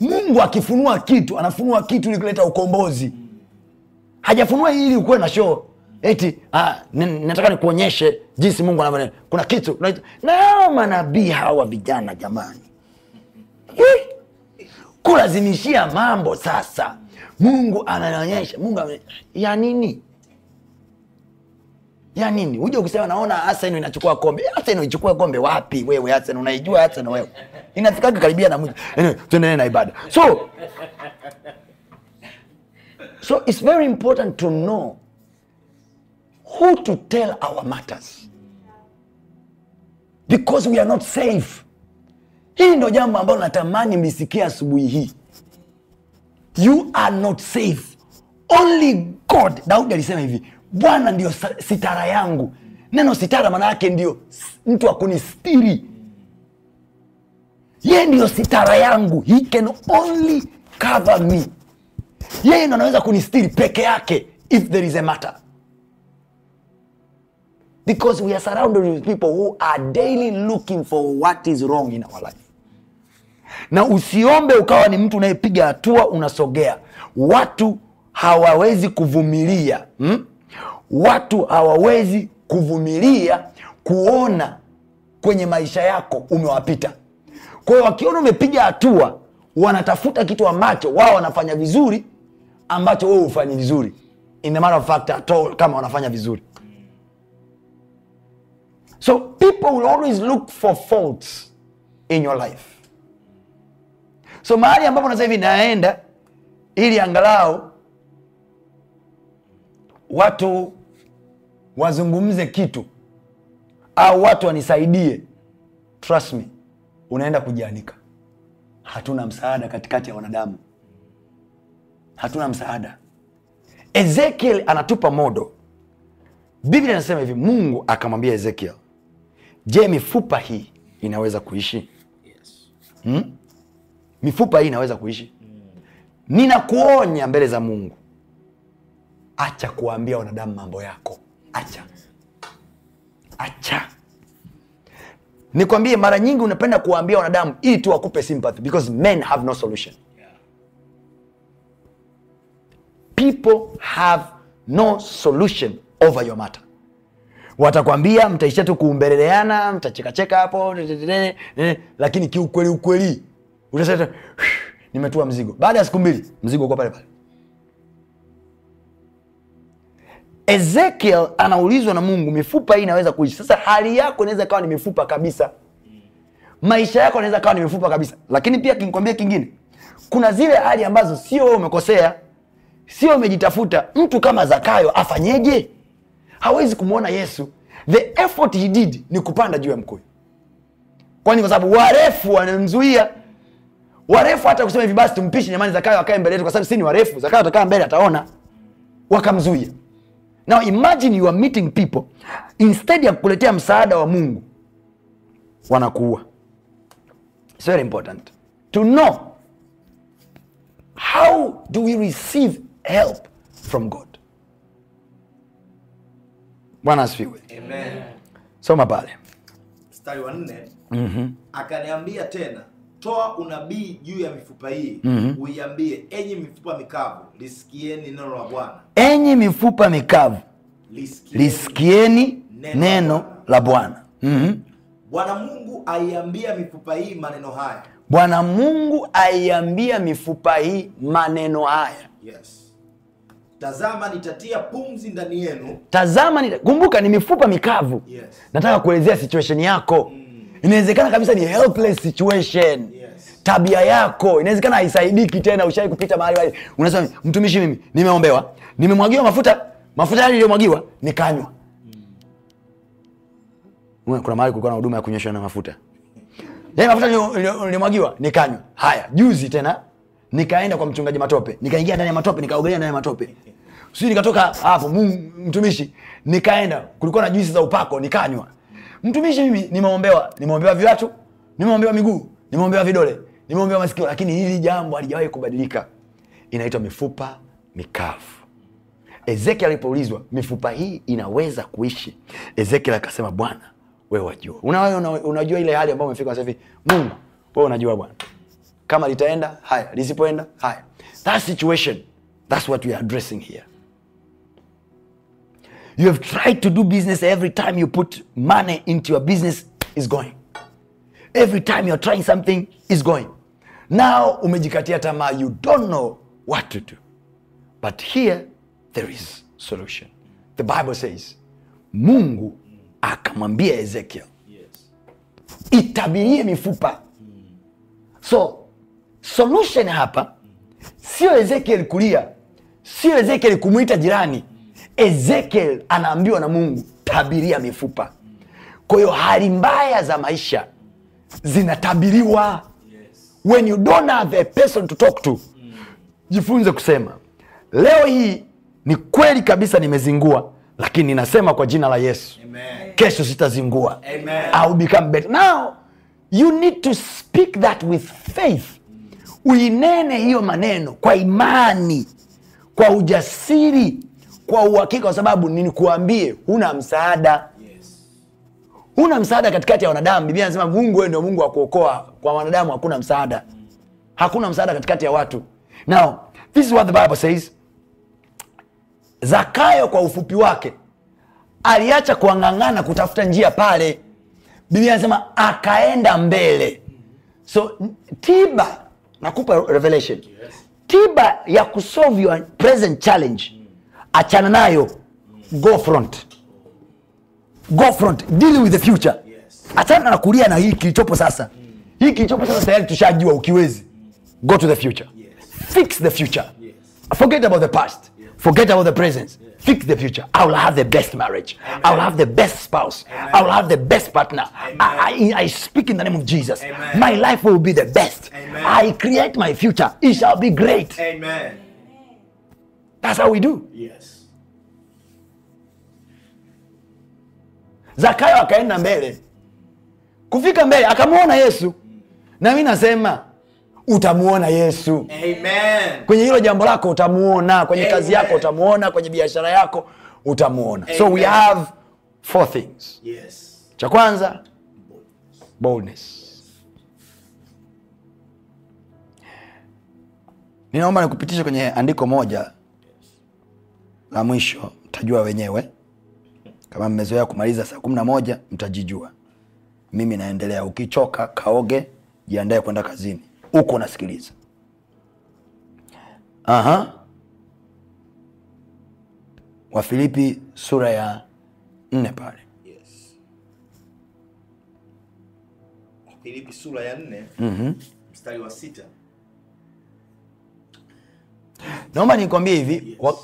Mungu akifunua kitu, anafunua kitu ili kuleta ukombozi hajafunua ili ukuwe na show eti ah, nataka nikuonyeshe jinsi Mungu anavyo. Kuna kitu na manabii hawa vijana jamani, kulazimishia mambo sasa. Mungu ananionyesha, Mungu ya nini? Ya nini? Uje ukisema naona Arsenal inachukua kombe. Arsenal inachukua kombe wapi wewe? Arsenal unaijua Arsenal wewe. Inafikaga karibia na Mungu. Anyway, na ibada. So So it's very important to know who to tell our matters because we are not safe. Hii ndo jambo ambalo natamani mlisikia asubuhi hii. You are not safe, only God. Daudi alisema hivi, Bwana ndio sitara yangu. Neno sitara maana yake ndio mtu akunistiri, ye ndio sitara yangu, he can only cover me yeye ndo anaweza kunistiri peke yake if there is a matter because we are surrounded with people who are daily looking for what is wrong in our life na usiombe ukawa ni mtu unayepiga hatua unasogea watu hawawezi kuvumilia hmm? watu hawawezi kuvumilia kuona kwenye maisha yako umewapita kwa hiyo wakiona umepiga hatua wanatafuta kitu ambacho wao wanafanya vizuri ambacho wewe ufanyi vizuri in a matter of fact at all kama wanafanya vizuri so people will always look for faults in your life so mahali ambapo nasema hivi naenda ili angalau watu wazungumze kitu au watu wanisaidie trust me unaenda kujianika hatuna msaada katikati ya wanadamu hatuna msaada. Ezekiel anatupa modo. Biblia inasema hivi, Mungu akamwambia Ezekiel, je, mifupa hii inaweza kuishi? Hmm? Mifupa hii inaweza kuishi? Ninakuonya mbele za Mungu, acha kuwaambia wanadamu mambo yako, acha acha nikwambie, mara nyingi unapenda kuwaambia wanadamu ili tu wakupe sympathy because men have no solution people have no solution over your matter. Watakwambia mtaishia tu kuumbeleleana, mtachekacheka hapo, lakini kiukweli ukweli utasema nimetua mzigo. Baada ya siku mbili mzigo uko pale pale. Ezekiel anaulizwa na Mungu, mifupa hii inaweza kuishi. Sasa hali yako inaweza kawa ni mifupa kabisa, maisha yako inaweza kawa ni mifupa kabisa. Lakini pia kinkwambia kingine, kuna zile hali ambazo sio umekosea sio umejitafuta Mtu kama Zakayo afanyeje? Hawezi kumwona Yesu. The effort he did ni kupanda juu ya mkuyu, kwani kwa sababu warefu wanamzuia. Warefu hata kusema hivi, basi tumpishe nyamani Zakayo akae mbele yetu, kwa sababu si ni warefu, Zakayo atakaa mbele, ataona. Wakamzuia. Now imagine you are meeting people, instead ya kukuletea msaada wa Mungu wanakuua. It's very important to know how do we receive help from God. Bwana asifiwe. Amen. Soma pale mstari wa nne. mm -hmm. Akaniambia tena toa unabii juu ya mifupa hii mm -hmm. uiambie, enyi mifupa mikavu, lisikieni neno la Bwana. Enyi mifupa mikavu, lisikieni, lisikieni neno, neno la Bwana. mm -hmm. Bwana Mungu aiambia mifupa hii maneno haya. Bwana Mungu aiambia mifupa hii maneno haya. Yes. Tazama nitatia pumzi ndani yenu. Tazama nita... kumbuka ni mifupa mikavu. Yes. Nataka kuelezea situation yako. Mm. Inawezekana kabisa ni helpless situation. Yes. Tabia yako inawezekana haisaidiki tena, ushawahi kupita mahali wale. Unasema mtumishi, mimi nimeombewa, nimemwagiwa mafuta, mafuta yale yaliyomwagiwa nikanywa. Mm. Kuna mahali kulikuwa na huduma ya kunyoshwa na mafuta. Yale yaani mafuta yaliyomwagiwa nikanywa. Haya, juzi tena nikaenda kwa mchungaji matope, nikaingia ndani ya matope, nikaogelea ndani ya matope, sijui nikatoka hapo. Mtumishi, nikaenda kulikuwa na juisi za upako, nikanywa. Mtumishi, mimi nimeombewa, nimeombewa viatu, nimeombewa miguu, nimeombewa vidole, nimeombewa masikio, lakini hili jambo halijawahi kubadilika. Inaitwa mifupa mikavu. Ezekiel alipoulizwa mifupa hii inaweza kuishi, Ezekiel akasema, Bwana wewe wajua. Unajua, unajua ile hali ambayo umefika sasa hivi. Mungu wewe unajua Bwana kama litaenda haya, lisipoenda haya. That situation, that's what we are addressing here. You have tried to do business every time you put money into your business is going. Every time youare trying something is going. Now umejikatia tamaa, you don't know what to do. But here there is solution. The Bible says, Mungu akamwambia Ezekiel, itabirie mifupa. So Solution hapa sio Ezekiel kulia, sio Ezekiel kumwita jirani. Ezekiel anaambiwa na Mungu, tabiria mifupa. Kwa hiyo hali mbaya za maisha zinatabiriwa. When you don't have a person to talk to, jifunze kusema leo hii ni kweli kabisa, nimezingua lakini ninasema kwa jina la Yesu, Amen. Kesho sitazingua. Amen. I become better. Now you need to speak that with faith uinene hiyo maneno kwa imani, kwa ujasiri, kwa uhakika, kwa sababu nikuambie, huna msaada huna msaada katikati ya wanadamu. Biblia anasema Mungu wewe ndio Mungu wa kuokoa, kwa wanadamu hakuna msaada, hakuna msaada katikati ya watu. Now this is what the Bible says. Zakayo kwa ufupi wake aliacha kuang'ang'ana kutafuta njia pale. Biblia anasema akaenda mbele, so tiba nakupa revelation yes. tiba ya kusolve your present challenge mm. achana nayo mm. go front go front deal with the future yes. achana na kulia na hii kilichopo sasa mm. hii kilichopo sasa tayari tushajua ukiwezi go to the future yes. fix the future yes. forget about the past yes. forget about the present yes fix the future. I will have the best marriage. Amen. I will have the best spouse. Amen. I will have the best partner. I, I, I, speak in the name of Jesus. Amen. My life will be the best. I create my future. It shall be great. Amen. That's how we do. Yes. Zakayo akaenda mbele, kufika mbele akamwona Yesu, na mi nasema utamuona yesu Amen. kwenye hilo jambo lako utamuona kwenye Amen. kazi yako utamuona kwenye biashara yako utamuona so we have four things yes. cha kwanza boldness ninaomba nikupitisha kwenye andiko moja la mwisho mtajua wenyewe kama mmezoea kumaliza saa kumi na moja mtajijua mimi naendelea ukichoka kaoge jiandae kwenda kazini huko unasikiliza. Aha. Wafilipi sura ya nne pale yes. Wafilipi sura ya nne mm -hmm. mstari wa sita. Naomba nikwambie hivi yes.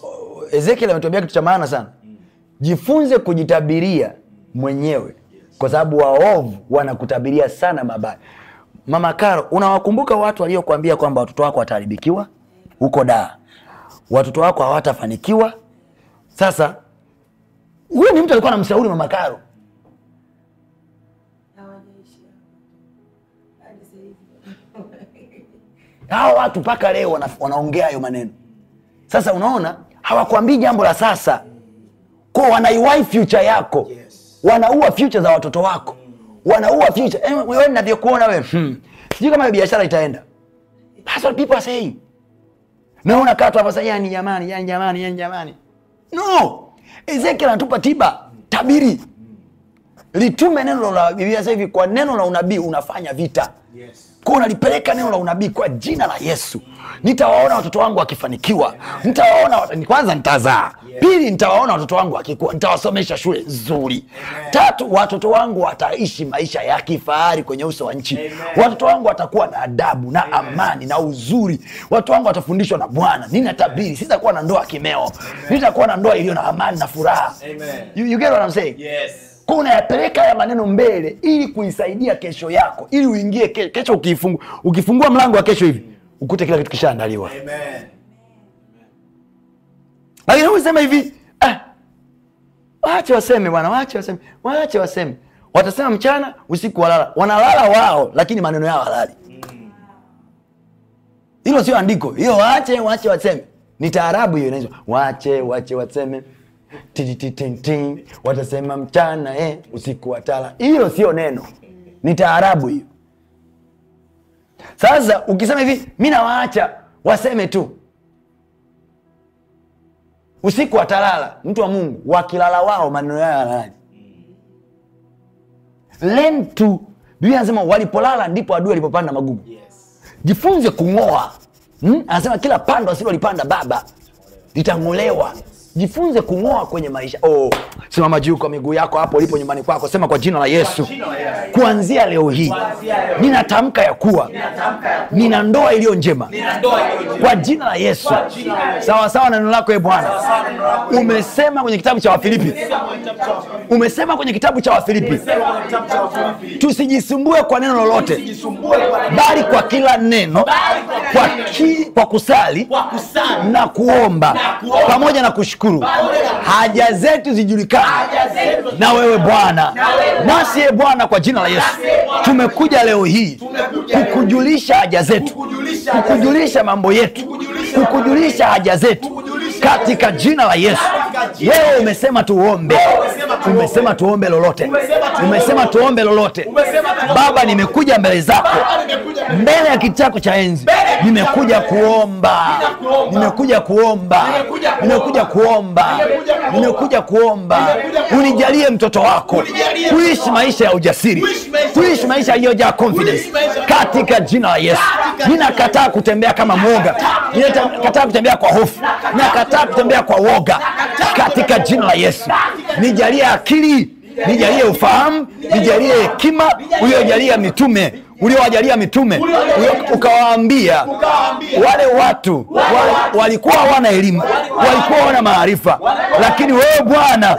Ezekiel ametuambia kitu cha maana sana mm. Jifunze kujitabiria mwenyewe yes. Kwa sababu waovu wanakutabiria sana mabaya. Mama Karo, unawakumbuka watu waliokuambia kwamba watoto wako wataharibikiwa huko daa, watoto wako hawatafanikiwa. Sasa huyu ni mtu alikuwa anamshauri Mama Karo hawa watu mpaka leo wanaongea hayo maneno. Sasa unaona, hawakuambii jambo la sasa, kwa wanaiwai future yako, wanaua future za watoto wako wanaua future. Eh, wewe ninavyokuona wewe. Hmm. Sijui kama biashara itaenda. That's what people are saying. Na una kato hapa sasa, yani jamani, yani jamani, yani jamani. No. Ezekiel anatupa tiba, tabiri. Litume neno la Biblia sasa hivi kwa neno la unabii unafanya vita. Yes. Kwa unalipeleka neno la unabii kwa jina la Yesu. Nitawaona watoto wangu wakifanikiwa. Nitawaona kwanza nitazaa. Pili, nitawaona watoto wangu wakikua, nitawasomesha shule nzuri. Tatu, watoto wangu wataishi maisha ya kifahari kwenye uso wa nchi. Watoto wangu watakuwa na adabu na amani na uzuri. Watoto wangu watafundishwa na Bwana. Ninatabiri sitakuwa na ndoa kimeo, nitakuwa na ndoa iliyo na amani na furaha. You, you get what I'm saying? Yes unayapeleka haya maneno mbele ili kuisaidia kesho yako, ili uingie kesho. Ukifungua, ukifungua mlango wa kesho hivi ukute kila kitu kishaandaliwa. Amen. Lakini husema hivi ah, eh, wache waseme bwana, wache waseme, wache waseme, watasema mchana usiku, walala, wanalala wao, lakini maneno yao halali. Hilo sio andiko, hiyo wache wache waseme ni taarabu hiyo, inaitwa wache wache waseme tititintin, watasema mchana eh, usiku watala. Hiyo sio neno, ni taarabu hiyo. Sasa ukisema hivi mi nawaacha waseme tu usiku watalala, mtu wa Mungu, wakilala wao maneno yao yalalaje? Learn to Biblia anasema walipolala ndipo adui alipopanda magugu. Yes. Jifunze kung'oa. Hmm? Anasema kila pando asilolipanda baba litang'olewa. Yes jifunze kung'oa kwenye maisha oh, simama juu kwa miguu yako hapo ulipo nyumbani kwako sema kwa jina la yesu kuanzia leo hii ninatamka ya kuwa nina ndoa iliyo njema kwa jina la yesu sawasawa na neno lako e bwana umesema kwenye kitabu cha wafilipi umesema kwenye kitabu cha wafilipi tusijisumbue kwa neno lolote bali kwa kila neno kwa, ki, kwa kusali na kuomba pamoja na kushukuru kushukuru. haja zetu zijulikane na wewe Bwana, nasi ye Bwana, kwa jina la Yesu tumekuja leo hii kukujulisha haja zetu, kukujulisha mambo yetu, kukujulisha haja zetu katika jina la Yesu. Wewe umesema tuombe umesema tuombe lolote, umesema tuombe lolote. Baba, nimekuja mbele zako, mbele ya kitako chako cha enzi, nimekuja kuomba, nimekuja kuomba, nimekuja kuomba, nimekuja kuomba, unijalie mtoto wako kuishi maisha ya ujasiri, kuishi maisha yaliyojaa confidence, katika jina la Yesu. Ninakataa kutembea kama mwoga, ninakataa kutembea kwa hofu, nakataa kutembea kwa woga, katika jina la Yesu nijalie akili, nijalie ufahamu, nijalie hekima uliyojalia mitume uliowajalia mitume ukawaambia wale watu walikuwa hawana elimu, walikuwa hawana maarifa, lakini wewe Bwana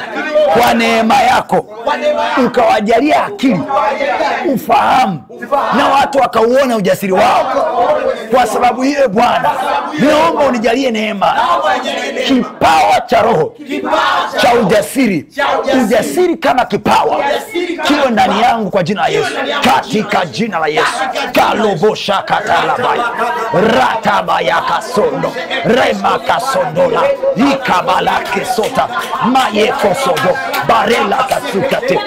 kwa neema yako ukawajalia akili, ufahamu, na watu wakauona ujasiri wao. Kwa sababu hiyo, Bwana, naomba unijalie neema, kipawa cha Roho cha ujasiri, ujasiri kama kipawa kiwe ndani yangu, kwa jina la Yesu, katika jina la Yesu kalobosha Rataba ratabaya kasondo rema kasondola ikabala kesota maye kosodo barela kasukate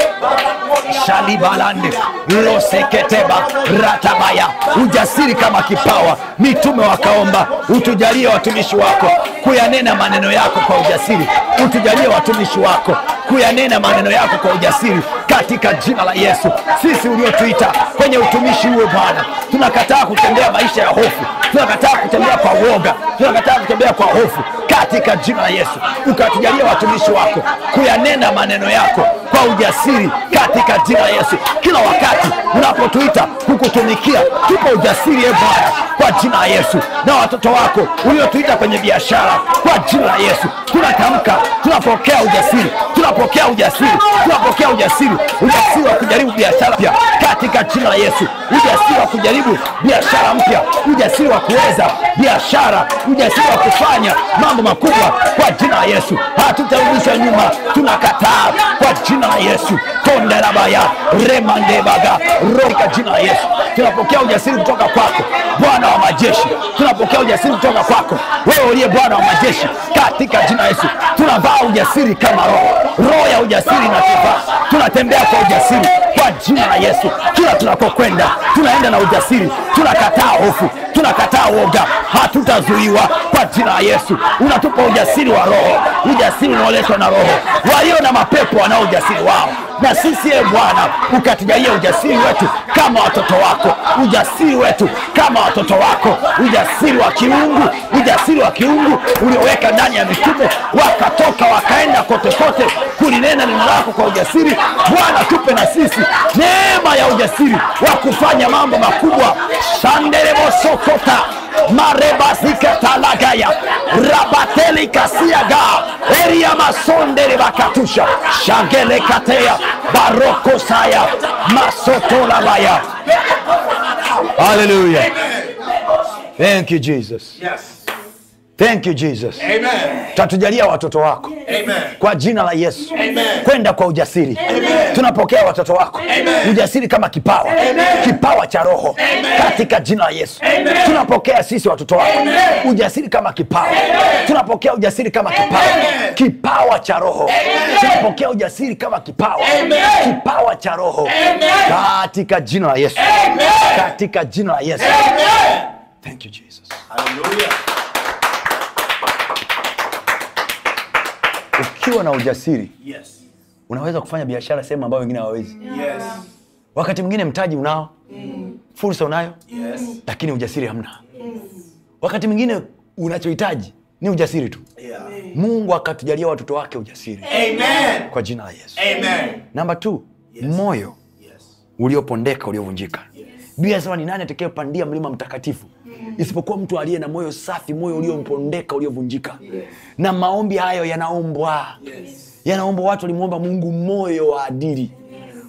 shalibalande loseketeba ratabaya ujasiri kama kipawa mitume wakaomba utujalie watumishi wako kuyanena maneno yako kwa ujasiri. Utujalie watumishi wako kuyanena maneno yako kwa ujasiri katika jina la Yesu. Sisi uliotuita kwenye utumishi huo Bwana, tunakataa kutembea maisha ya hofu, tunakataa kutembea kwa uoga, tunakataa kutembea kwa hofu katika jina la Yesu, ukatujalia watumishi wako kuyanena maneno yako kwa ujasiri katika jina la Yesu. Kila wakati unapotuita kukutumikia, tupo ujasiri e Bwana, kwa jina la Yesu, na watoto wako uliotuita kwenye biashara kwa jina la Yesu, tunatamka, tunapokea ujasiri, tunapokea ujasiri, tunapokea ujasiri, ujasiri wa kujaribu biashara mpya katika jina la Yesu, ujasiri wa kujaribu biashara mpya, ujasiri wa kuweza biashara, ujasiri wa kufanya mama mambo makubwa kwa jina la Yesu. Hatutarudishwa nyuma, tunakataa kwa jina la Yesu. tonderabaya remandebaga roika jina la Yesu. Tunapokea ujasiri kutoka kwako Bwana wa majeshi, tunapokea ujasiri kutoka kwako wewe uliye Bwana wa majeshi, katika jina la Yesu. Tunavaa ujasiri kama roho, roho ya ujasiri natuvaa, tunatembea kwa ujasiri kwa jina la Yesu. Kila tunakokwenda tunaenda na ujasiri, tunakataa hofu, tunakataa woga, hatutazuiwa kwa jina la Yesu unatupa ujasiri wa roho, ujasiri unaoletwa na roho. Walio na mapepo wanao ujasiri wao, na sisi ee Bwana ukatujalia ujasiri wetu kama watoto wako, ujasiri wetu kama watoto wako, ujasiri wa kiungu, ujasiri wa kiungu ulioweka ndani ya mitume, wakatoka wakaenda kote kote kulinena neno lako kwa ujasiri. Bwana, tupe na sisi neema ya ujasiri wa kufanya mambo makubwa. sandelebosokota rabateli marebasikatelagaya rabatelikasiaga eriamasonderevakatusha shagelekateya barokosaya masotolavaya hallelujah thank you jesus yes Thank you Jesus. Amen. Tatujalia watoto wako Amen. Kwa jina la Yesu Amen. Kwenda kwa ujasiri Amen. Tunapokea watoto wako Amen. Ujasiri kama kipawa Amen. Kipawa cha Roho Amen. Katika jina la Yesu Amen. Tunapokea sisi watoto wako Amen. Ujasiri kama kipawa Amen. Tunapokea ujasiri kama kipawa Amen. Kipawa cha Roho Amen. Tunapokea ujasiri kama kipawa Amen. Kipawa cha Roho Amen. Katika jina la Yesu Amen. Katika jina la Yesu Amen. Thank you Jesus. Hallelujah. ukiwa na ujasiri yes. unaweza kufanya biashara sehemu ambayo wengine hawawezi yes. wakati mwingine mtaji unao mm. fursa unayo yes. lakini ujasiri hamna yes. wakati mwingine unachohitaji ni ujasiri tu yeah. mungu akatujalia watoto wake ujasiri Amen. kwa jina la yesu namba t yes. moyo yes. uliopondeka uliovunjika yes. biblia ni nani atakayepandia mlima mtakatifu isipokuwa mtu aliye na moyo safi, moyo uliompondeka, uliovunjika. Na maombi hayo yanaombwa. Yanaombwa. Watu walimwomba Mungu moyo wa adili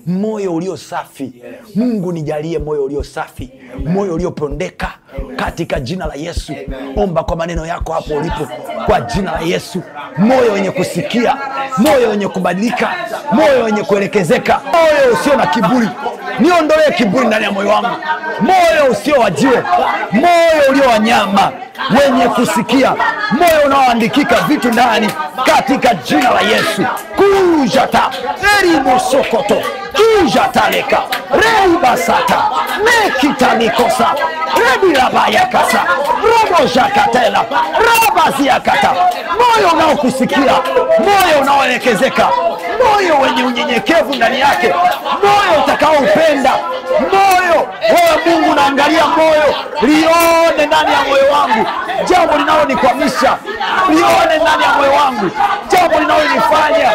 moyo ulio safi. Mungu nijalie moyo ulio safi. Moyo uliopondeka katika jina la Yesu. Omba kwa maneno yako hapo ulipo kwa jina la Yesu, moyo wenye kusikia, moyo wenye kubadilika, moyo wenye kuelekezeka, moyo usio na kiburi niondolee kiburi ndani ya moyo wangu, moyo usio wa jiwe, moyo ulio wa nyama, wenye kusikia, moyo unaoandikika vitu ndani, katika jina la Yesu. kujata erimosokoto kujataleka reibasata mekitanikosa rebilabayakasa robojakatela rabaziakata, moyo unaokusikia, moyo unaoelekezeka, moyo wenye unyenyekevu ndani yake, moyo utakaoupenda kupenda. Moyo wewe Mungu unaangalia moyo, lione ndani ya moyo wangu jambo linalonikwamisha, lione ndani ya moyo wangu jambo linalonifanya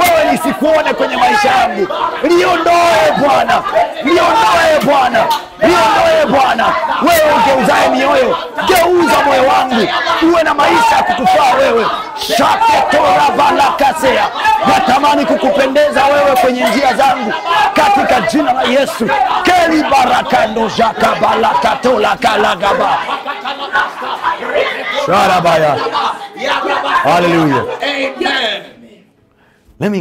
wewe nisikuone kwenye maisha yangu, liondoe Bwana, liondoe Bwana, liondoe Bwana. Wewe ugeuzaye mioyo, geuza moyo wangu uwe na maisha ya kukufaa wewe. shaketoravalakasea natamani kukupendeza wewe kwenye njia zangu katika jina la yesu keli kelibarakando jakabalakatolakalagaba sharabaya hallelujah amen let me,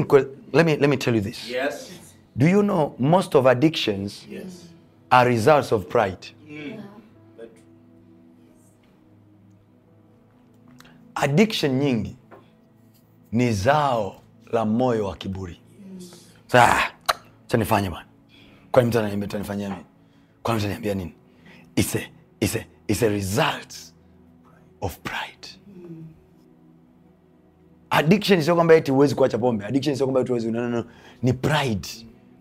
let me, let me tell you this yes. do you know most of addictions yes. are results of pride mm. addiction nyingi ni zao la moyo wa kiburi yes. sa chanifanye bana kwa nini mtu ananiambia utanifanyia mimi? Kwa nini utaniambia nini? It's a, it's a, it's a result of pride. Addiction sio kwamba eti huwezi kuacha pombe. Addiction sio kwamba eti huwezi. No, no, no. Ni pride.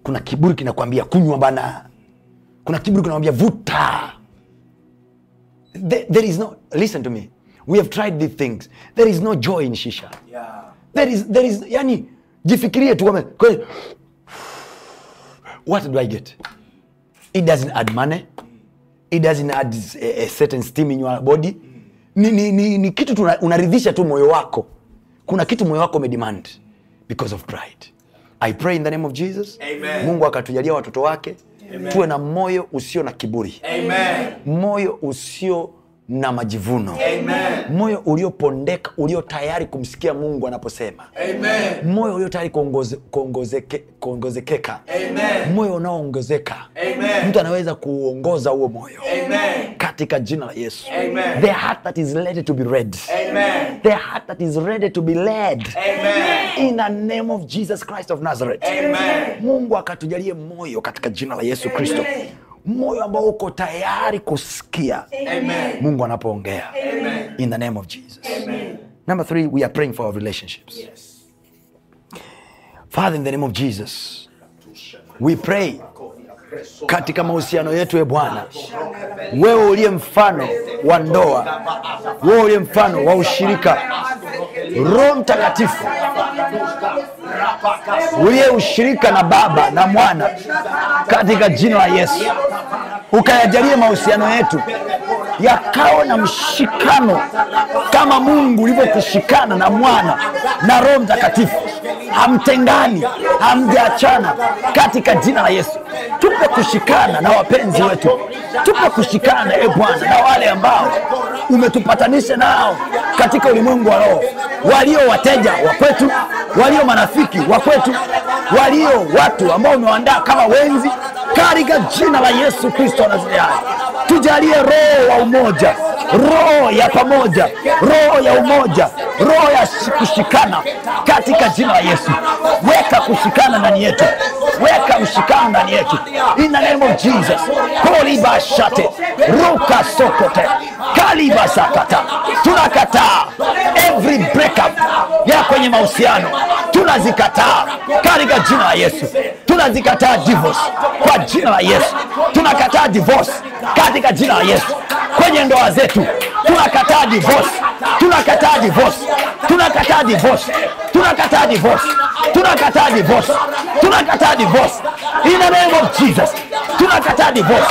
Kuna kiburi kinakwambia kunywa bana. Kuna kiburi kinakwambia vuta. There, there is no listen to me. We have tried these things. There is no joy in shisha. Yeah. There is there is yani jifikirie tu kama what do I get? It doesn't add money. It doesn't add a, eh, a eh, certain steam in your body. Ni, ni, ni, ni kitu tuna, unaridhisha tu moyo wako. Kuna kitu moyo wako umedemand because of pride. I pray in the name of Jesus. Amen. Mungu akatujalia watoto wake Amen. tuwe na moyo usio na kiburi Amen. moyo usio na majivuno moyo uliopondeka ulio tayari kumsikia mungu anaposema moyo ulio tayari kuongozekeka kongoze, moyo unaoongezeka mtu anaweza kuuongoza huo moyo Amen. katika jina la yesu mungu akatujalie moyo katika jina la yesu kristo moyo ambao uko tayari kusikia Amen. mungu anapoongea in the name of jesus Amen. number three we are praying for our relationships yes. father in the name of jesus we pray katika mahusiano yetu e Bwana, wewe uliye mfano wa ndoa, wewe uliye mfano wa ushirika, Roho Mtakatifu uliye ushirika na Baba na Mwana katika jina la Yesu, ukayajalie mahusiano yetu yakawa na mshikano kama Mungu ulivyokushikana na Mwana na Roho Mtakatifu. Hamtengani, hamjaachana katika jina la Yesu. Tupe kushikana na wapenzi wetu, tupe kushikana, e Bwana, na wale ambao umetupatanisha nao katika ulimwengu wa roho, walio wateja wa kwetu, walio marafiki wa kwetu, walio watu ambao umewaandaa kama wenzi, katika jina la Yesu Kristo Nazareti, tujalie roho wa umoja roho ya pamoja, roho ya umoja, roho ya kushikana katika jina la Yesu. Weka kushikana ndani yetu, weka ushikano ndani yetu in the name of Jesus. kolibashate ruka sokote kalibasakata. Tunakataa every breakup ya kwenye mahusiano, tunazikataa katika jina la Yesu. Tunazikataa divorce kwa jina la Yesu. Tunakataa divorce katika jina la Yesu kwenye ndoa zetu. Tunakataa divorce, tunakataa divorce, tunakataa divorce, tunakataa divorce, tunakataa divorce, tunakataa divorce in the name of Jesus. Tunakataa divorce.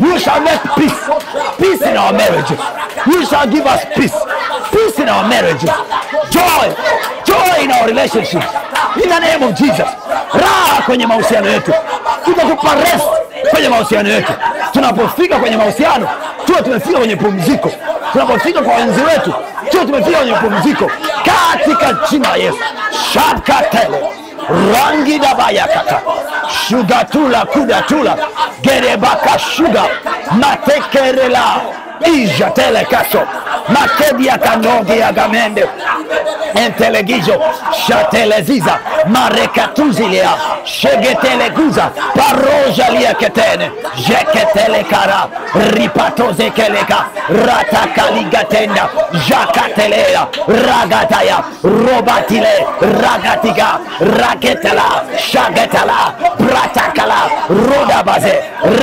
You shall make peace, peace in our marriages. You shall give us peace, peace in our marriages, joy joy in our relationships in the name of Jesus. Raha kwenye mahusiano yetu, tutakupa rest kwenye mahusiano yetu. Tunapofika kwenye mahusiano, tuwe tumefika kwenye pumziko. Tunapofika kwa wenzi wetu, tuwe tumefika kwenye pumziko, katika jina la Yesu. shakatele rangi dabayakata shugatula kudatula gerebaka shuga matekerela ija telekaso makedia kanogia gamende entelegizo shateleziza marekatuzilea shegeteleguza parojalia ketene jeketelekara ripatozekeleka ratakaligatenda jakatelea ragataya robatile ragatiga raketala shagetala bratakala rodabaze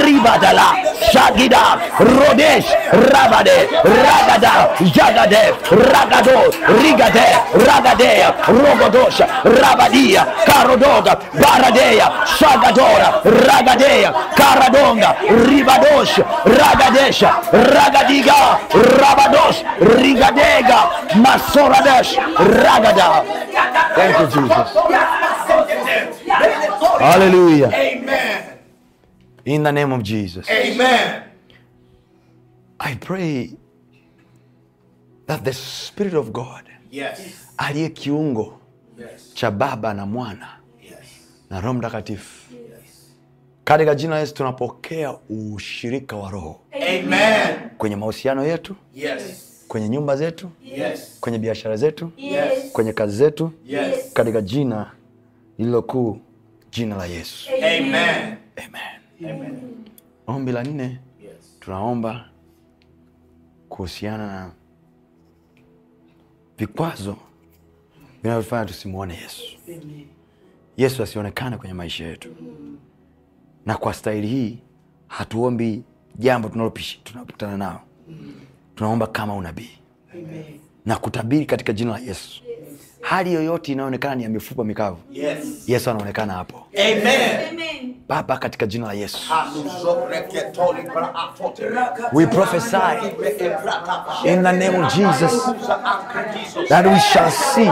ribadala shagida rodesh Rabade, Ragada, Jagade, Ragado, Rigade, Ragadea, Rogodosh, Rabadia, Carodoga, Baradea, Sagadora, Ragadea, Caradonga, Ribadosh, Ragadesha, Ragadiga, Rabados, Rigadega, Masoradesh, Ragada. Thank you, Jesus. Hallelujah. Amen. In the name of Jesus. Amen. I pray that the Spirit of God yes. aliye kiungo yes. cha Baba na Mwana yes. na Roho Mtakatifu yes. katika jina Yesu tunapokea ushirika wa Roho Amen. kwenye mahusiano yetu yes kwenye nyumba zetu yes. kwenye biashara zetu yes. kwenye kazi zetu yes. katika jina lililokuu jina la Yesu Amen. Amen. Amen. Amen. Ombi la nne yes. tunaomba kuhusiana na vikwazo vinavyofanya tusimwone Yesu. Yesu asionekane kwenye maisha yetu, mm. na kwa staili hii hatuombi jambo tunalopishi tunakutana nao, mm. tunaomba kama unabii na kutabiri katika jina la Yesu hali yoyote inayoonekana ni ya mifupa mikavu yes. Yesu anaonekana hapo Amen. Baba, katika jina la Yesu we prophesy in the name of Jesus that we shall see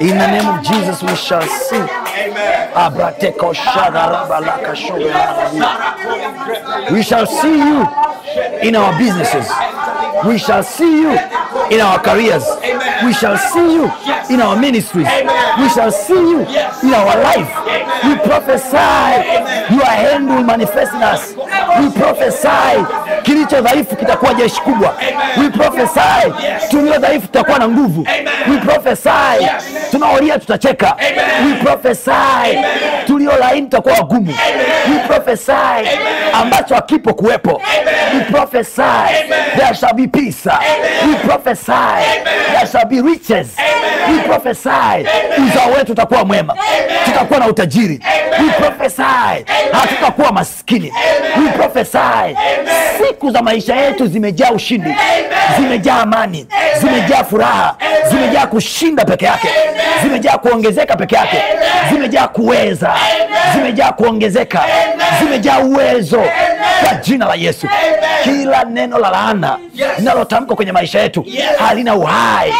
in the name of Jesus we shall see we shall see you in our businesses We shall see you in our careers. We shall see you in our ministries. We shall see you in our life. We prophesy you are manifest manifesting us. We prophesy Kilicho dhaifu kitakuwa jeshi kubwa. We prophesy, tulio dhaifu tutakuwa na nguvu. We prophesy, tunaolia tutacheka. We prophesy, tulio laini tutakuwa wagumu. We prophesy, ambacho hakipo kuwepo. We prophesy, there shall be peace. We prophesy, there shall be riches. We prophesy, uzao wetu utakuwa mwema, tutakuwa na utajiri. We prophesy, hatutakuwa maskini. We prophesy siku za maisha yetu zimejaa ushindi zimejaa amani zimejaa furaha zimejaa kushinda peke yake zimejaa kuongezeka peke yake zimejaa kuweza zimejaa kuongezeka zimejaa uwezo kwa jina la Yesu kila neno la laana linalotamkwa kwenye maisha yetu halina uhai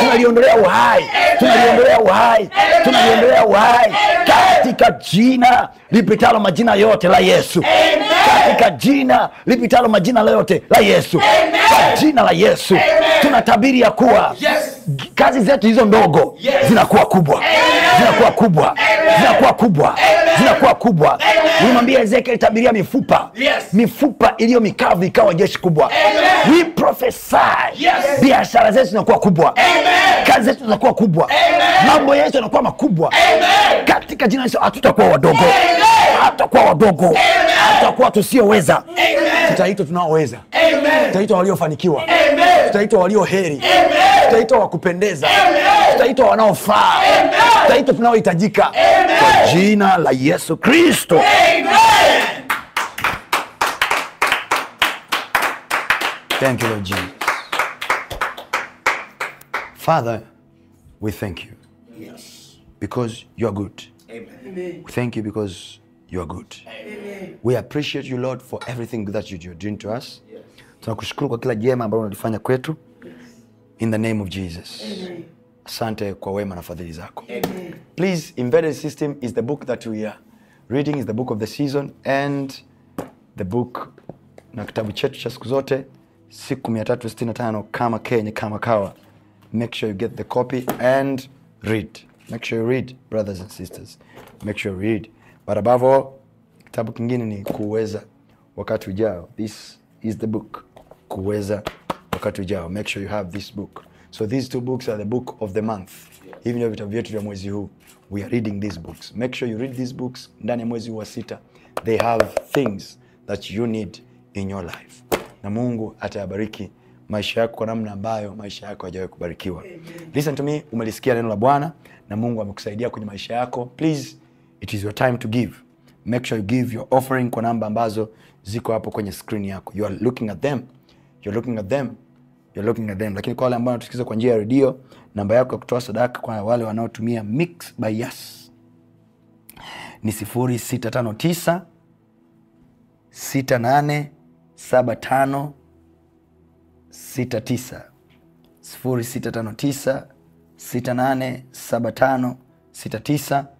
tunaliondolea uhai tunaliondolea uhai tunaliondolea uhai katika jina lipitalo majina yote la Yesu katika jina lipitalo litalo majina yote la Yesu, Amen. jina la Yesu tunatabiri ya kuwa yes. kazi zetu hizo ndogo yes. zinakuwa kubwa, zinakuwa kubwa, zinakuwa kubwa, zinakuwa kubwa. Ulimwambia Ezekiel, tabiria mifupa yes. mifupa iliyo mikavu ikawa jeshi kubwa. We prophesy yes. biashara zetu zinakuwa kubwa Amen. kazi zetu zinakuwa kubwa Amen. mambo yetu yanakuwa makubwa Amen. katika jina Yesu hatutakuwa wadogo Amen hatakuwa wadogo, hatakuwa tusioweza, tutaitwa tunaoweza, tutaitwa waliofanikiwa, tutaitwa walioheri tutaitwa wakupendeza, tutaitwa wanaofaa, tutaitwa tunaohitajika kwa jina la Yesu Kristo. Thank you, Lord Jesus. Father, we thank you. Yes. Because you are good. Amen. We thank you because you are good. Amen. We appreciate you Lord for everything that you are doing to us. Yes. Tunakushukuru kwa kila jema ambalo unalifanya kwetu. Yes. In the name of Jesus. Amen. Asante kwa wema na fadhili zako. Amen. Please, Embedded System is the book that we are reading is the book of the season and the book na kitabu chetu cha siku zote siku 365 kama Kenya kama kawa. Make sure you get the copy and read. Make sure you read brothers and sisters. Make sure you read. Barabavo, kitabu kingine ni kuweza wakati ujao. This is the book kuweza wakati ujao. Make sure you have this book. So these two books are the book of the month. Hivi ndio vitabu vyetu vya mwezi huu. We are reading these books. Make sure you read these books ndani ya mwezi wa sita. They have things that you need in your life, na Mungu atayabariki maisha yako kwa namna ambayo maisha yako hajawahi kubarikiwa. Listen to me, umelisikia neno la Bwana na Mungu amekusaidia kwenye maisha yako. Please It is your time to give. Make sure you give your offering kwa namba ambazo ziko hapo kwenye screen yako. You are looking at them. You're looking at them. You're looking at them. Lakini kwa wale ambao wanatusikiza kwa njia ya redio, namba yako ya kutoa sadaka kwa wale wanaotumia Mix by yes ni 0659 68 75 68 75 69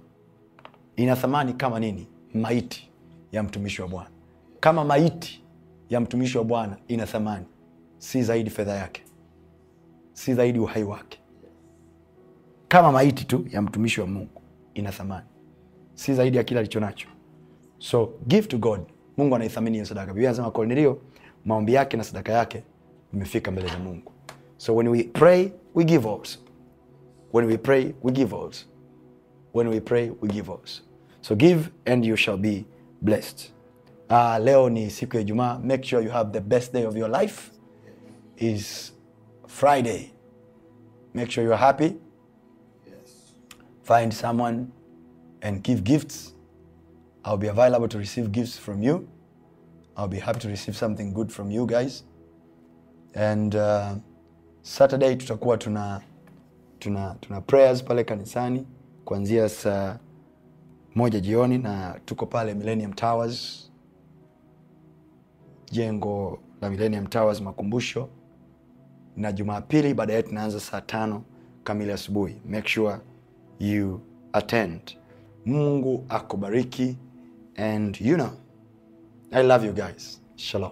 ina thamani kama nini? Maiti ya mtumishi wa Bwana. Kama maiti ya mtumishi wa Bwana ina thamani, si zaidi fedha yake, si zaidi uhai wake. Kama maiti tu ya mtumishi wa Mungu ina thamani, si zaidi ya kile alicho nacho. So give to God. Mungu anaithamini hiyo sadaka. Biblia inasema Kornelio, maombi yake na sadaka yake imefika mbele za Mungu. So when we pray we give also. When we pray we give also. When we pray we give also. So give and you shall be blessed. Uh, leo ni siku ya jumaa Make sure you have the best day of your life is Friday. Make sure youare happy. Find someone and give gifts. I'll be available to receive gifts from you. I'll be happy to receive something good from you guys. And uh, Saturday tutakuwa tuna, tuna, tuna prayers pale kanisani kuanzia saa moja jioni, na tuko pale Millennium Towers, jengo la Millennium Towers makumbusho, na Jumapili baadaye tunaanza saa tano kamili asubuhi. Make sure you attend. Mungu akubariki and you know I love you guys. Shalom.